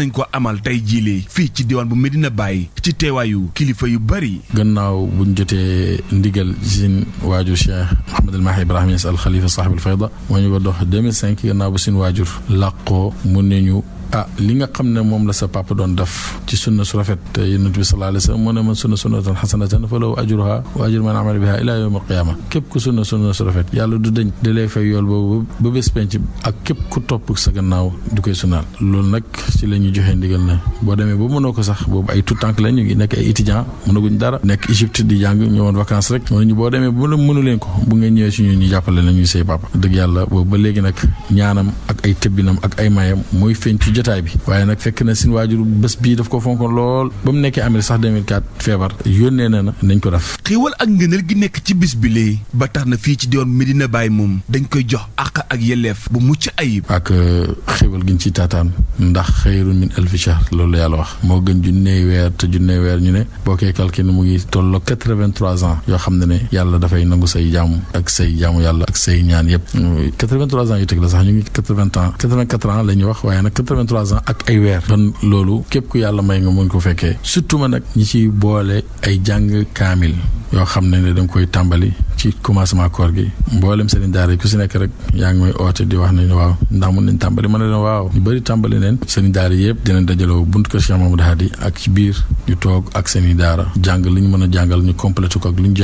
nañ ko amal tey jiilee fii ci diwaan bu Medina Baye ci teewaayu kilifa yu bëri. gannaaw buñ jotee ndigal sin waajur Cheikh Mouhamadul Mahi Ibrahima Niass al Khalifa sahibul fayda moo ñu ko dox 2005 gannaaw bu sin waajur làqoo mun nañu ah li nga xam ne moom la sa papa doon def ci sunna su rafet eh, yonent bi sallallahu alayhi wa sallam mu ne man sunna sunnatan xasanatan fa law ajruha wa ajru man amala biha ila yawm alqiyama képp ku sunna sunna su rafet du dañ da lay képp ku topp sa gannaaw du koy sunnaal loolu nag ci la ñuy joxe ndigal na boo demee ba mënoo ko sax boobu ay tout tànk la ñu ngi nekk ay étudiant mënaguñ dara nekk Égypte di jàng ñëwoon vacances rek mënuñu boo demee ba mënu leen ko bu nga ñëwee si ñun ñu jàppale la ñuy say papa dëgg yàlla boobu ba léegi nag ñaanam ak ay tëbbinam ak ay mayam mooy feeñ jotaay bi waaye nag fekk na suñu waajur bés bii daf ko fonkoon lool ba mu nekkee Amérique sax 2004 feebar yónnee na na nañ ko def. xiiwal ak ngëneel gi nekk ci bis bi lee ba tax na fii ci diwaan Medina Baye moom dañ koy jox àq ak yelleef bu mucc ayib. ak euh, xiiwal gi ñu ciy taataan ndax xayrun min alfi shahr loolu la yàlla wax moo gën junney weer te junney weer ñu ne boo koy calculé mu ngi tolloo 83 ans yoo xam ne ne yàlla dafay nangu say jaamu ak say jaamu yàlla ak say ñaan yëpp 83 ans yu teg sax ñu la vingt trois ans ak ay weer kon loolu képp ku yàlla may nga mën ko fekkee surtout ma nag ñi ci boole ay jàng kaamil yoo xam ne ne da nga koy tàmbali ci commencement koor gi mboolem seen daara yi ku na waaw ñu bëri tàmbali neen seen daara yëpp dinañ dajaloo buntu kër Cheikh Mamadou Hadi ak ci biir ñu toog ak seen i daara jàng li ñu mën a jàngal ñu complété ko ak li ñu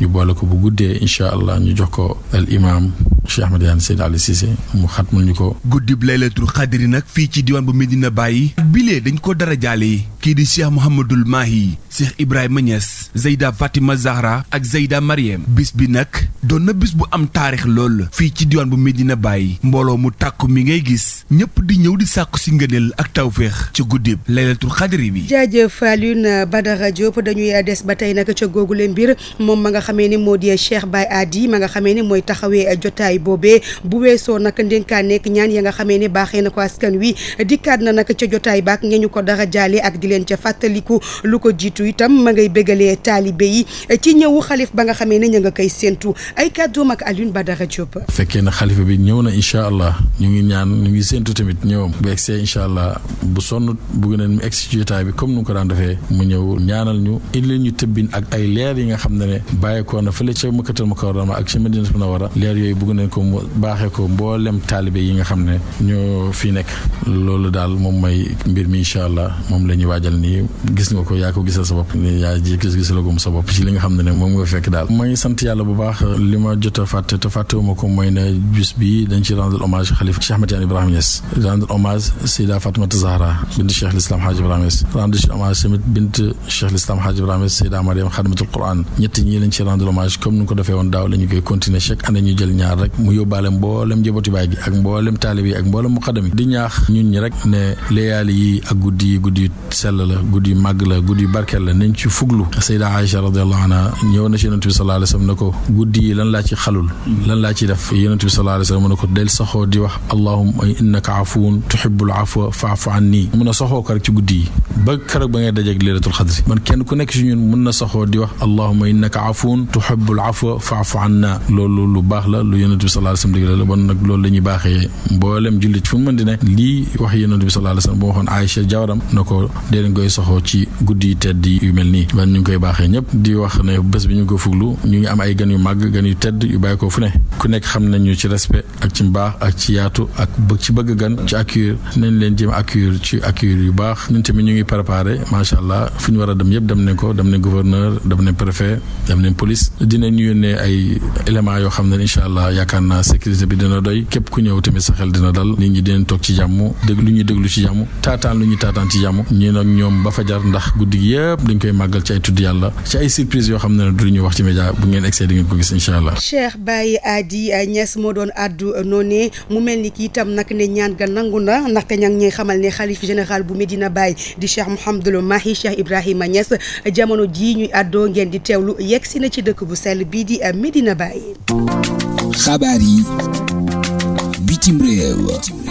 ñu boole ko bu guddee incha allah ñu jox ko al imam Cheikh Ahmed Tidiane Ali Cissé mu xatmul ñu ko. guddi Laylatul Qadri nag fii ci diwaan bu Medina Baye bile dañ ko dara jaale yi kii di Cheikh Mouhamadul Mahi Cheikh Ibrahima Niass Zeyda Fatima Zahra ak sayda Mariem bis bi nag doon na bis bu am taarix lool fii ci diwaan bu Medina bàyyi mbooloo mu tàkku mi ngay gis ñëpp di ñëw di sàkku si ngëneel ak tawféex ca guddib laylatul xadri bi. jaajëf Alioune Badara Diop dañuy des ba tey nag ca googu leen mbir moom ma nga xamee ni moo di Cheikh Baye Adi ma nga xamee ni mooy taxawee jotaay boobee bu weesoo nag ndénkaa nekk ñaan nga xamee ni baaxee na ko dikkaat na nag ca jotaay baak ñañu ko dara jaale ak di leen ca fàttaliku lu ko jiitu itam ma ngay bégalee taalibe yi ci ñëwu xalif ba nga xamee ne ña nga koy séentu ay kàddoom ak Alioune Badara Diop. fekkee na xalifa bi ñëw na incha allah ñu ngi ñaan ñu ngi séentu tamit ñëwam bu egsee incha allah bu sonn bugg nañ mu egsi ci jotaay bi comme nu ko daan defee mu ñëw ñaanal ñu leen ñu tëbbin ak ay leer yi nga xam ne ne bàyyeekoo na fële ca Makkatal Mukarrama ak ci Madina wara leer yooyu bugg nañ ko baaxee ko mboolem taalibe yi nga xam ne ñoo fi nekk loolu daal moom mooy mbir mi incha allah moom la ñuy waajal nii gis nga ko yaa ko gisal yaa ji gis gisal ko sa bopp xam ne ne moom nga fekk daal ma ngi sant yàlla bu baax li ma jot a fàtte te fàttewuma ko mooy ne bis bi dañ ci rendre hommage xalifa Cheikh Ahmed Tidiane bint Cheikh l'Islam Hadj Ibrahima Niass rendre hommage tamit bint Cheikh l'Islam Hadj Ibrahima Niass Seyda comme ni ko defee daaw la koy continuer chaque année ñu jël ñaar rek mu yóbbaale mboolem jaboti ñi rek ne léyaali yi ak guddi yi guddi yu sell la guddi yu màgg la guddi yu barkeel la nañ ci fuglu sayda aïcha radiallahu anha ñëw na ci yonent bi sallallahu alayhi wasallam ne ko guddi yi lan laa ci xalul lan laa ci def yonent bi sallallahu alayhi wasallam ne ko del saxoo di wax allahumma innaka afuwun tuhibbul afwa fa'fu anni mun a soxoo ko rek ci guddi yi ba keroog ba ngay dajeeg leelatul xadri man kenn ku nekk ci ñun mun na soxoo di wax allahumma innaka afuwun tuhibbul afwa fa'fu anna loolu lu baax la lu yonent bi sallallahu alayhi wasallam digle la bon nag loolu la ñuy baaxee mboolem jullit fu mu mën di ne lii wax yonent bi sallallahu alayhi wasallam boo waxoon Aïcha jawaram na ko dee leen koy soxoo ci guddi tedd yu mel nii ban ñu ngi koy baaxee ñëpp di wax ne bés bi ñu ko fuglu ñu ngi am ay gan yu màgg gan yu tedd yu bàyyi ko fu ne ku nekk xam nañu ci respect ak ci mbaax ak ci yaatu ak ci bëgg gan ci accueil nañ leen jéem accueil ci accueil yu baax ñun tamit ñu ngi préparé macha allah fu ñu war a dem yëpp dem nañ ko dem nañ gouverneur dem nañ préfet dem nañ police dinañu yónnee ay éléments yoo xam ne incha allah yaakaar naa bi dina doy képp ku ñëw tamit sa dégg lu ñuy déglu ci jàmm taataan lu ñu taataan ci jàmm ñii nag ñoom ba fajar ndax guddi gi dañ koy màggal ci ay tudd yàlla ci ay surprise yoo xam ne du ñu wax ci média bu ngeen egsee di ngeen ko gis incha allah. Cheikh Baye Adi Niass moo doon addu noonee mu mel ni kii itam nag ne ñaan ga nangu na ndaxte ña ngi xamal ne xalif général bu Medina bàyyi di Cheikh Mouhamadul Mahi Cheikh Ibrahima Niass jamono jii ñuy addoo ngeen di teew teewlu yegsi na ci dëkk bu sell bii di Medina Baye. xabaar yi bitim réew.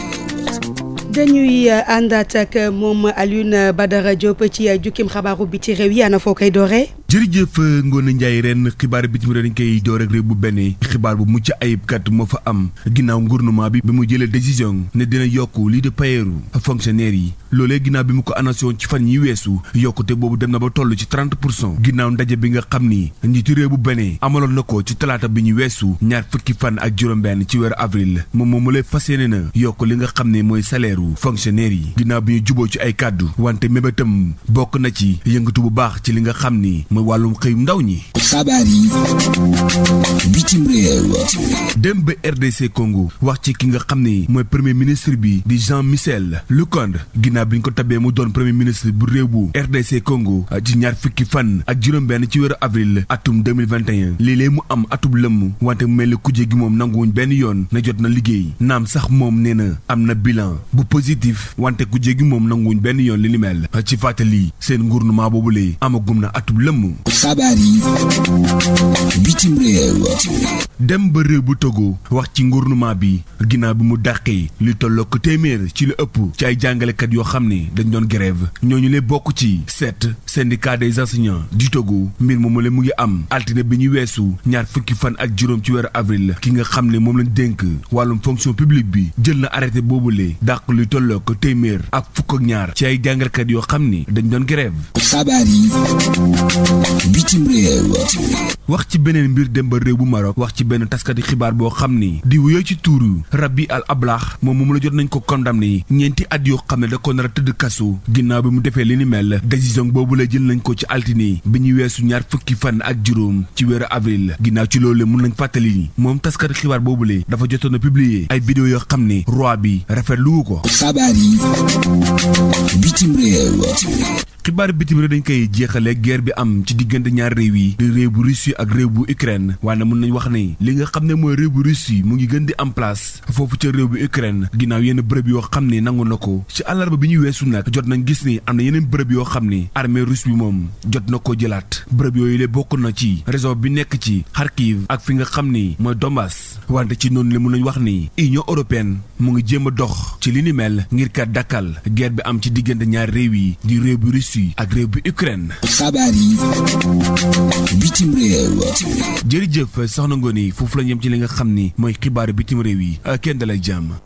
dañuy euh, àndaat ak euh, moom Alioune Badara Diop ci euh, jukkim xabaaru bi ci réew yi na foo koy dooree. jërëjëf euh, Ngoné Ndiaye ren xibaar bi ci mu dañ koy door réew bu benn xibaar bu mucc ayib kat moo fa am ginnaaw gouvernement bi bi mu jëlee décision ne dina yokk lii de payeeru fonctionnaire yi loolee ginnaaw bi mu ko annoncé woon ci fan yi weesu yokkute boobu dem na ba toll ci 30 pour cent ginnaaw ndaje bi nga xam ni njiitu réew bu benn amaloon na ko ci talaata bi ñu weesu ñaar fukki fan ak juróom-benn ci weeru avril moom moom mu lay fas yéene na yokk li nga xam ne mooy salaire u fonctionnaire yi ginnaaw bi ñu juboo ci ay kàddu wante mébétam bokk na ci yëngatu bu baax ci li nga xam ni wàllum xëyum ndaw ñi. xabaar yi ci réew. dem ba RDC Congo wax ci ki nga xam ne mooy premier ministre bi di Jean Michel Lukonde ginnaaw bi ñu ko tabee mu doon premier ministre bu réew bu RDC Congo ah, ci ñaar fukki fan ak juróom-benn ci weeru avril atum deux mille vingt et mu am atub lëm wante mel ni ku gi moom nanguwuñ benn yoon na jot na liggéey naam sax moom nee na am na bilan bu positif wante ku gi moom nanguwuñ benn yoon li ni mel ah, ci fàttali seen gouvernement boobule amagum na atub lëmm. réew xabaar dem ba réew bu Togo wax ci gouvernement bi ginnaaw bi mu dàqee li tollook téeméer ci lu ëpp ci ay jàngalekat yoo xam ne dañ doon grève ñu leen bokk ci sept syndicat des enseignants du Togo mbir moomu la mu ngi am altine bi ñuy weesu ñaar fukki fan ak juróom ci weeru avril ki nga xam ne moom lañ dénk wàllum fonction publique bi jël na arrêté boobule dàq li tollook téeméer ak fukk ñaar ci ay jàngalekat yoo xam ni dañ doon grève xabaar bitim réew wax ci beneen mbir dem ba réew bu Maroc wax ci benn taskati xibaar boo xam ni di wuyoo ci tuuru Rabi al Ablaax moom moom la jot nañ ko ni ñeenti at yoo xam ne da ko nar a tëdd kasu ginnaaw bi mu defee li ni mel décision boobu la jël nañ ko ci altine bi ñu weesu ñaar fukki fan ak juróom ci weeru la ginnaaw ci loolu mun nañ fàttali ni moom taskati xibaar boobule dafa jotoon a publier ay vidéo yoo xam ne roi bi rafetlu ko. xabaar yi bitim réew. xibaar bitim réew jeexale guerre bi am. ci diggante ñaar réew yi di réew bu Russie ak réew bu Ukraine waaye na mën nañ wax ne li nga xam ne mooy réew bu yi mu ngi gën di am place foofu ca réew bu Ukraine ginnaaw yenn bërëb yoo xam ni nangu na ko ci àllarba bi ñu weesu nag jot nañ gis ni am na yeneen bërëb yoo xam ni armée russe bi moom jot na ko jëlaat bërëb yooyu le bokk na ci région bi nekk ci Kharkiv ak fi nga xam ni mooy Donbass wante ci noonu la mun nañu wax ni Union européenne mu ngi jéem a dox ci li ni mel ngir kat dakkal guerre bi am ci diggante ñaari réew yi di réew bu Russie ak réew bu Ukraine. xabaar yi bitim réew. jërëjëf soxna Ngoni foofu la ñem ci li nga xam ni mooy xibaaru bitim réew yi kenn dalay jàmm.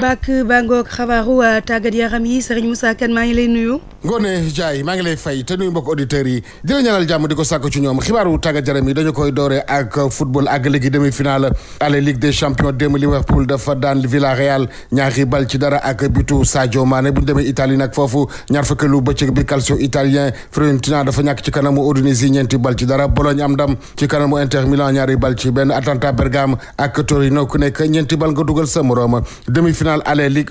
bak bangoog xabaaru uh, tàggat yaram yi Serigne Moussa Kane maa ngi lay nuyu Ngoné Ndiaye maa ngi lay fay te nuyu mbokk auditeurs yi di la ñaanal jàmm di ko sàkk ci ñoom xibaaru tàggat yaram yi dañu koy doore ak football ak léegi demi-finale aller Ligue des champions démb Liverpool dafa daan Villarreal ñaari bal ci dara ak bitu Sadio Mané bu ñu demee Italie nag foofu ñaar fukkeelu bëccëg bi Calcio italien Fiorentina dafa ñàkk ci kanamu Udinese ñeenti bal ci dara Bologne am ndam ci kanamu Inter Milan ñaari bal ci benn Atalanta Bergame ak Torino ku nekk ñeenti sa moroom final aller Ligue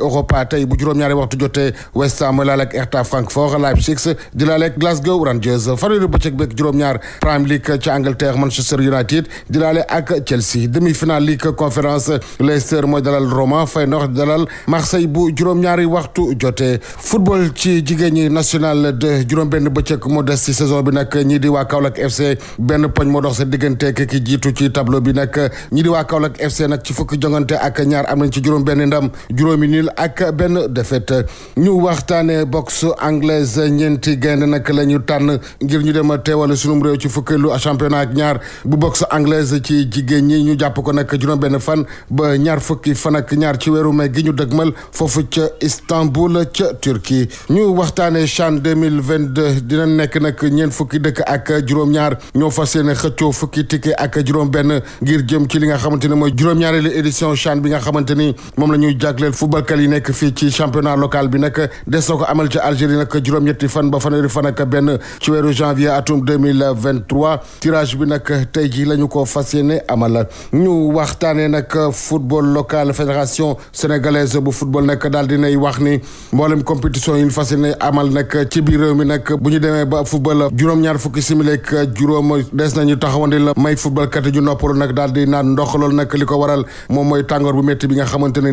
bu juróom-ñaari waxtu jotee West Ham mooy laale ak Hertha Francfort Leipzig di laale ak Glasgow Rangers fanweeri bëccëg beeg juróom-ñaar Premier League ca Angleterre Manchester United di laale ak Chelsea demi-finale Ligue Conférence dalal Roma Feyenoord dalal Marseille bu juróom-ñaari waxtu jotee football ci jigéen ñi national de juróom-benn bëccëg moo des ci saison bi nag ñii di waa Kaolack FC benn poñ moo dox sa diggante ki jiitu ci tableau bi nag ñii di waa Kaolack FC nag ci fukki jongante ak ñaar am nañ ci juróom-benn ndam juróomi nil ak benn défaite ñu waxtaanee boxe anglaise ñeenti gaynde nag la ñu tànn ngir ñu dem a teewale sunum réew ci fukkeelu championnat ak ñaar bu boxe anglaise ci jigéen ñi ñu jàpp ko nag juróom benn fan ba ñaar fukki fan ak ñaar ci weeru mai gi ñu dëgmal foofu ca Istanbul ca Turquie ñu waxtaanee CHAN 2022 dina nekk nag ñeent fukki dëkk ak juróom-ñaar ñoo fas yéene xëccoo fukki ticket ak juróom benn ngir jëm ci li nga xamante ne mooy juróom-ñaareelu édition CHAN bi nga xamante ni moom la ñuy jàg jagleel footballkat yi nekk fii ci championnat local bi nag des na ko amal ca Algérie nag juróom-ñetti fan ba fanweeri fan ak benn ci weeru janvier atum 2023 bi nag tey jii lañu ko fas yéene amal ñu waxtaanee nag football local fédération sénégalaise bu football nag daal dinay wax ni mboolem compétition yi ñu fas yéene amal nag ci biir réew mi nag bu ñu demee ba football juróom-ñaar fukki simili ak juróom des nañu taxawandi la may football kat ju noppalu nag daal di naan ndox loolu nag li ko waral moom mooy tàngoor bu métti bi nga xamante ne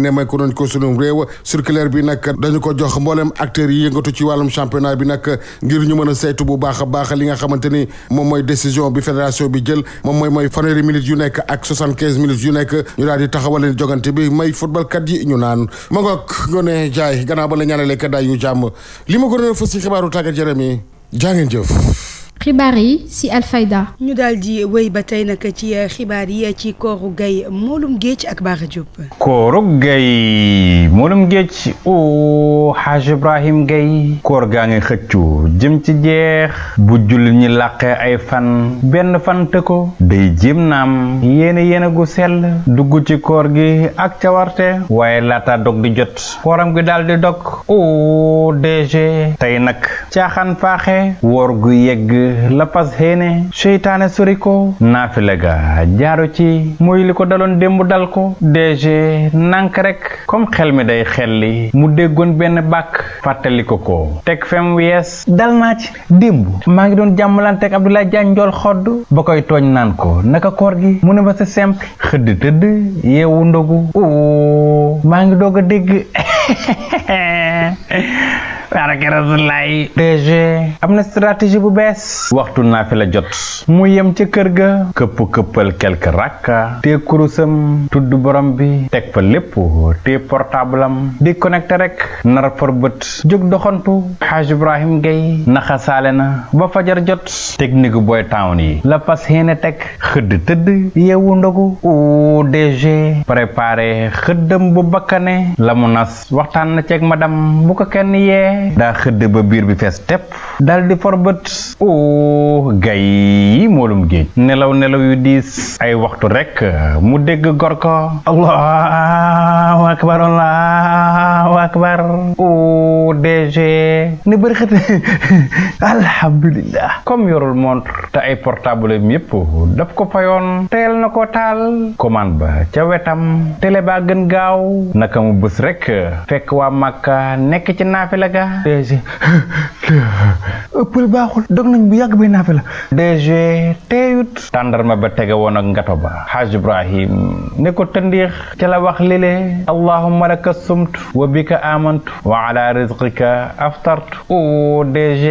ko sunum réew circulaire bi nag dañu ko jox mboolem acteur yi yëngatu ci wàllum championnat bi nag ngir ñu mën a saytu bu baax a baax li nga xamante ni moom mooy décision bi fédération bi jël moom mooy mooy fanweeri minutes yu nekk ak soixante quinze minutes yu nekk ñu daal di taxawal jogante bi may football kat yi ñu naan ma ngoog Ngoné jaay gannaaw ba la ñaanalee kaddaay yu jàmm li ma gënoon fës ci xibaaru tàggat jërëm yi jaa ngeen jëf xibaar yi ci Alfayda. ñu daal di ba tey nag ci eh, xibaar yee eh, ci kooru gay moolum géej ak Bara Diop. kooru gay moolum géej o oh, xaaj Ibrahim gay koor gaa ngi xëccu jëm ci jeex bu jullit ñi làqee ay fan benn fante ko day jéem naam yéene yéene gu sell dugg ci koor gi ak cawarte waaye laata dog di jot kooram gi daal dog o oh, DG tey nag caaxaan faaxe woor gu yegg. lapas xéene seytaane sori ko naafila laga jaaru ci mooy li ko daloon démb dal ko DG nank rekk comme xel mi day xelli mu déggoon benn bàkk fàttali ko ko teg fem wees dal naa ci démb maa ngi doon jàmmalanteeg Abdoulaye Diagne njool xodd ba koy tooñ naan ko naka koor gi mu ne ba sa simple xëdd tëdd yeewu ndogu oh, maa ngi doog a dégg sarakeresu lay DG am na stratégie bu bees waxtu naa fi la jot mu yem ca kër ga këpp këppal quelque rakka te kurusam tudd borom bi teg fa lépp te portable am di connecté rek nar for bët jóg doxantu xaaj Ibrahim Gueye naxasaale na ba fajar jot technique boy town yi la pas xeene teg xëdd tëdd yeewu ndogu o DG préparé xëddam bu bakkane la mu nas waxtaan na ceeg madam bu ko kenn yee daa xëdd ba biir bi fees tepp dal di forbët o gay yi moolum géej nelaw nelaw yu diis ay waxtu rek mu dégg gor ko allahu akbar allahu akbar o DG ne bëri xët alhamdulillah comme yorul montre te ay portable yëpp daf ko fayoon teel na ko taal commande ba ca wetam télé baa gën gaaw naka mu bés rek fekk waa Màkka nekk ci naafila ga DG ëppal baaxul dog nañ bu yàgg bay naafila DG teeyut tàndarma ba tege woon ak ngato ba Haaj Ibrahim ne ko tëndiix ca la wax lile allahumma laka sumtu wa bika amantu wa rizqika aftartu o DG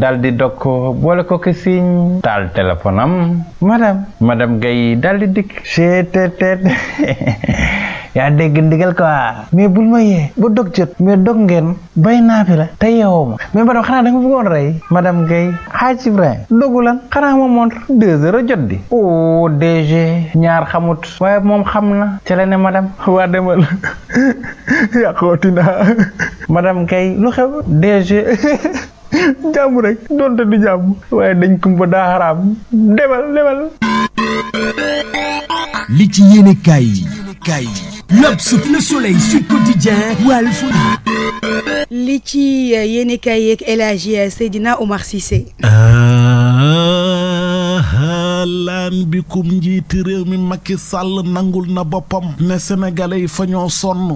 dal di dog ko boole ko ki taal téléphone madame madame Gaye daal di dikk seeteet yaa dégg ndigal quoi mais bul ma yee ba dog jot mais dog ngeen bay naa fi la te yeewoo ma mais madame xanaa da nga bëggoon rey madame Guèye xaaj Ibrahima deux heures jot di o oh, DG ñaar xamut waaye moom xam na ca la demal yàqooti naa madame Guèye lu xew DG jàmm rek donte du jàmm waaye dañ kumpa daa demal demal li ci yéene kaay yi kaay yi L'Obs, Le Soleil, Sud li ci euh, yéene kaay yeeg El Hadji euh, Seydina Omar ahlan bikum njiiti réew mi Macky Sall nangul na boppam ne sénégalais yi fa ñoo sonn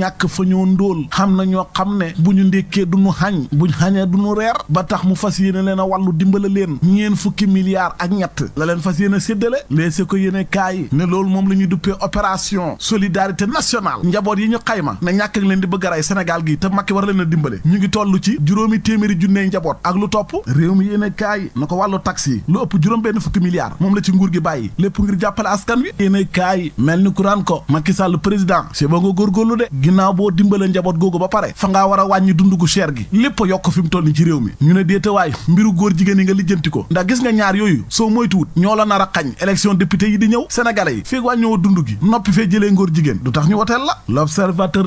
ñàkk fa ñoo ndóol xam na ñoo xam ne bu ñu ndékkee du ñu xañ bu xañee du ñu reer ba tax mu fas yéene leen a wàllu dimbala leen ñeen fukki milliards ak ñett la leen fas yéen séddale léese ko yéene kaay ne loolu moom la ñuy duppee opération solidarité nationale njaboot yi ñu xayma ne ñàkk leen di bëgg a rey Sénégal gi te Macky war leen a dimbale ñu ngi toll ci juróomi téeméeri junney njaboot ak lu topp réew mi yéene kaay na ko wàllu taxi lu ëpp juróom benn fukki milliards moom la ci nguur gi bàyyi lépp ngir jàppale askan wi yéen a kaay mel ni kuraan ko Macky Sall président si ba nga góorgóorlu de ginnaaw boo dimbale njaboot googu ba pare fa ngaa war a wàññi dund gu cher gi lépp a yokk ni ci réew mi ñu ne déetawaay mbiru góor jigéen nga lijjanti ko ndax gis nga ñaar yooyu soo moytuwut ñoo la nar a xañ élection député yi di ñëw sénégalais yi feeg wàññoo dund gi noppi fee jëlee ngóor jigéen du tax ñu woteel la l'observateur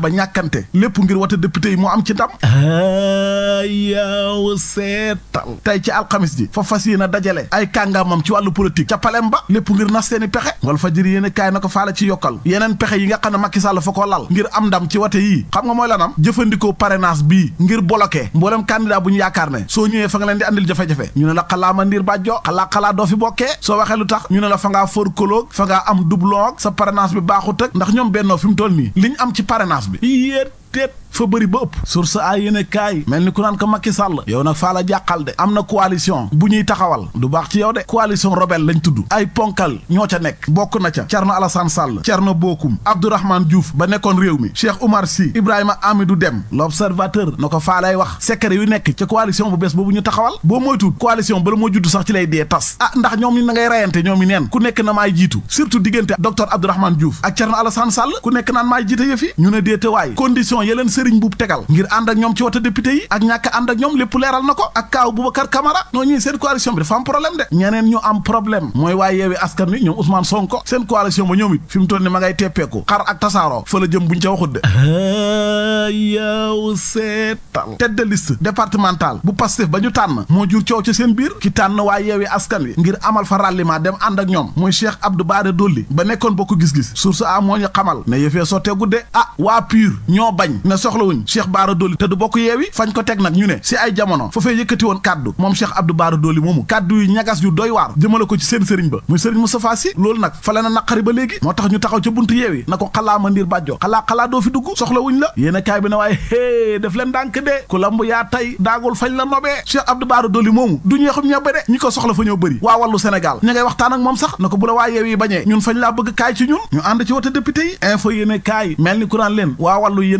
ba ñàkkante lépp ngir wote député yi moo alxamis ji fa fas yéene dajale ay kàngaamam ci wàllu politique ca palem ba lépp ngir nas seeni pexe wala fa jëri yéene kaay na ko faala ci yokkal yeneen pexe yi nga xam ne Macky Sall fa ko lal ngir am ndam ci wate yii xam nga mooy lanam jëfandikoo parrainage bi ngir bloqué mboolem candidat bu ñu yaakaar ne soo ñëwee fa nga leen di andil jafe-jafe ñu ne la xalaa ma ndiir bàjjoo xalaa xalaa doo fi bokkee soo waxee lu tax ñu ne la fa ngaa for koloog fa ngaa am doublon ak sa parrainage bi baaxut ak ndax ñoom bennoo fi mu toll nii li ñu am ci parrainage bi téet fa bëri ba ëpp source ay yéen kaay mel ni ku naan ko Macky Sall yow na faa la jàqal de am na coalition bu ñuy taxawal du baax ci yow de coalition rebelle lañ tudd ay ponkal ñoo ca nekk bokk na ca Thierno Alassane Sall Thierno Bokum Abdourahmane juuf ba nekkoon réew mi Cheikh Oumar Sy Ibrahima Amidou Dem l'observateur na ko faa lay wax secret yu nekk ca coalition bu bees boobu ñu taxawal boo moytuwul coalition bala moo judd sax ci lay dee tas ah ndax ñoom ñi neen ku nekk na maay jiitu surtout diggante docteur Abdourahmane Diouf ak Thierno Alassane ku nekk naan maay jiite yëfi ñu ne déete condition yeleen sëriñ buub tegal ngir ànd ak ñoom ci wote député yi ak ñàkk ànd ak ñoom lépp leeral am problème ñoom Ousmane Sonko seen ba ñoom fa la jëm buñ ca waxut de ah, yow bu Pastef ba ñu tànn moo jur coow ca seen biir ki tànn waa yeewi askan wi ngir amal fa dem ànd ñoom muy Cheikh Abdou Dolli ba nekkoon bokk gis-gis source a moo ñu xamal ne yëfee sottee gudde ah waa PUR ñoo bañ bañ ne soxlawuñ Cheikh Bara Dolly te du bokk yeewi fañ ko teg nag ñu ne si ay jamono fa fee yëkkati woon kàddu moom Cheikh Abdou Bara Dolly moomu kàddu yu la ñu taxaw ca buntu yeewi na ko xalaa ma ndiir bàjjo xalaa xalaa doo fi dugg soxlawuñ la yéen a kaay bi ne waaye hée def leen dànk de ku lamb yaa tay daagul fañ la nobee Cheikh Abdou Bara Dolly moomu du ñee xam ñebbe de ñi ko soxla fa ñoo bëri waa wàllu Sénégal ña waxtaan ak moom sax na ko bu waa yeewi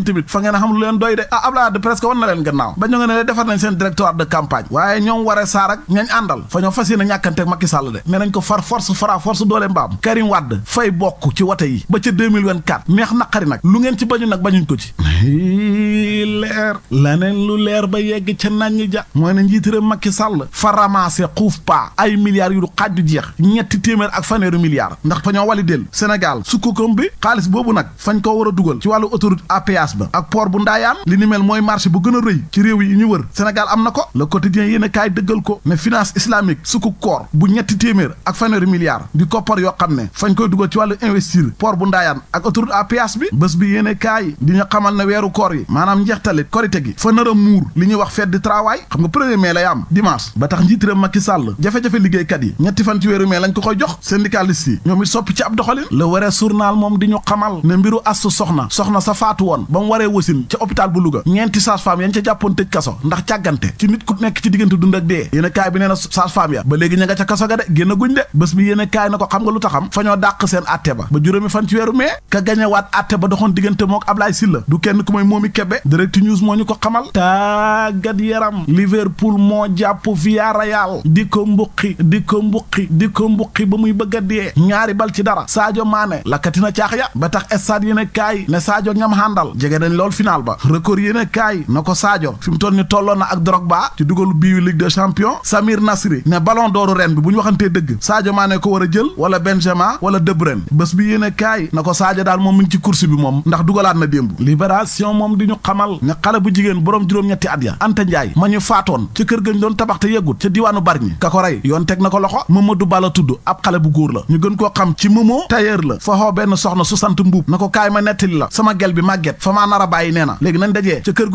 a publique fa ngeen xam lu leen doy de ah Abdoulaye Wade presque wan na leen gannaaw ba ñoo nga ne defar nañ seen directoire de campagne waaye ñoom Waré Sarr ñañ àndal fa ñoo fas yéene ñàkkante ak Macky de ne ko far force fara force doole mbaam Karim Wade fay bokk ci wote yi ba ca 2024 naqari nag lu ngeen ci bañu nag bañuñ ko ci leer laneen lu leer ba yegg ca naññ ja mooy ne njiitëram Macky Sall fa ramassé xuuf paa ay milliards yu du jeex ñetti téeméer ak faneeru milliards ndax fa ñoo wali del Sénégal sukkukom bi xaalis boobu nag fañ ko war a dugal ci wàllu autoroute à péage ba ak port bu ndaayaan li ni mel mooy marché bu gën a rëy ci réew yi ñu wër Sénégal am na ko le quotidien yéen a kaay dëggal ko ne finance islamique sukku koor bu ñetti téeméer ak fanweeri milliards di koppar yoo xam ne fañ koy dugal ci wàllu investir port bu ndaayaan ak autoroute à péage bi bés bi yéen a kaay di ñu xamal ne weeru koor yi maanaam njeextale korite gi fa nar muur li ñuy wax fête du travail xam nga premier mai lay am dimanche ba tax njiitiram Macky Sall jafe-jafe yi ñetti fan ci weeru mai lañ ko koy jox syndicaliste yi ñoom it soppi ci ab doxalin le waree journal moom di ñu xamal ne mbiru astu soxna soxna sa faatu waree wasin ca hôpital bu Louga ñeenti sage-femme yañ ca jàppoon tëj kaso ndax càggante ci nit ku nekk ci diggante dund ak dee yéen a bi nee na sage-femme ya ba léegi ña ca kaso ga de génn guñ de bés bi yéen a na ko xam nga lu taxam fa ñoo seen atte ba ba juróomi fan ci weeru mai ka gañewaat atte ba doxoon diggante mook Ablaye Sylla du kenn ku may moomi kebe direct news moo ñu ko xamal tàggat yaram Liverpool moo jàpp Villarreal di di a ya ba tax stade yéen a nañ lool final ba record yéen a kaay na ko Sadio fi mu toll ni tolloon na ak Drogba ci dugalu biiwu Ligue des Champions Samir Nasri ne balon d'oru ren bi bu ñu waxantee dëgg maa ne ko war a jël wala Benzema wala De Bruyne bés bi yéen a kaay na ko saajo daal moom mi ngi ci course bi moom ndax dugalaat na démb libération moom di ñu xamal ne xale bu jigéen borom juróom-ñetti at ya ante njaay ma ñu faatoon ca kër gañ doon tabax te yeggut ca diwaanu Bargny ka ko rey yoon teg na ko loxo Mamadou Bala tudd ab xale bu góor la ñu gën koo xam ci Momo tailleur la fa benn soxna su sant mbuub na ko kaay ma nettali la sama gel bi màgget war a bàyyi nee na léegi nañ dajee ca kër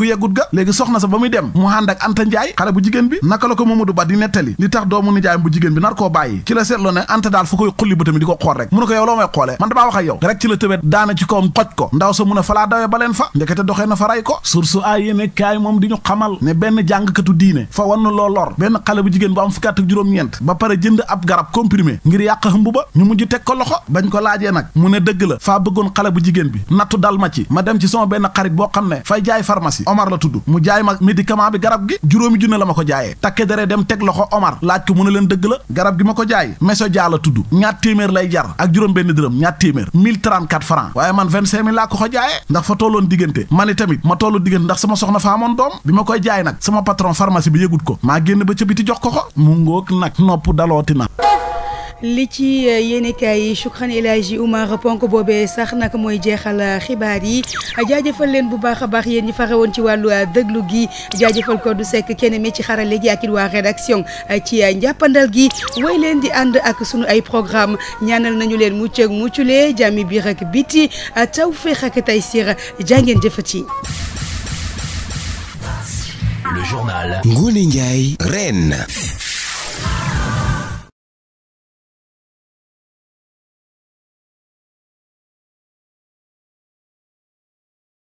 ba muy dem mu ànd ak Anta Njaay xale la ko Mamadou Ba la seetloo ne Anta daal fu loo may xoolee man damaa wax ak yow rek ci la tëbét daana ci kawam xoj ko ndaw sa mun a falaa dawee ba leen fa ndekete doxee na fa ray ko source a yéene kaay moom di ñu xamal ne benn jàngkatu diine fa wann loo lor benn xale bu jigéen bu am fukki juróom-ñeent ba pare jënd ab garab comprimé ngir yàq hëmb ba ñu mujj teg ko loxo bañ ko laajee nag mu ne dëgg la faa bëggoon xale bu jigéen bi nattu dal ma ci ma dem ci sama benn xarit boo xam ne fay jaay pharmacie Omar la tudd mu jaay ma médicament bi garab gi juróomi junne la ma ko jaayee takke dere dem teg loxo Omar laaj ko mu ne leen dëgg la garab gi ma ko jaay meso jaa la tudd ñaat téeméer lay jar ak juróom benn dërëm ñaat téeméer mille trente quatre francs waaye man vingt cinq mille laa ko ko jaayee ndax fa tolloon diggante ma ni tamit ma tollu diggante ndax sama soxna fa amoon doom bi ma koy jaay nag sama patron pharmacie bi na li ci euh, yi Choukran jaajëfal leen bu baax a baax yéen ñi farewoon ci wàllu euh, dëglu gi jaajëfal ko du sekk kenn mi ci xarale gi ak it waa rédaction euh, ci euh, njàppandal gi way leen di ànd ak sunu ay programme ñaanal nañu leen mucc ak jàmmi biir ak biti taw féex ak tay sir jàngeen jëfati Le journal Ngoné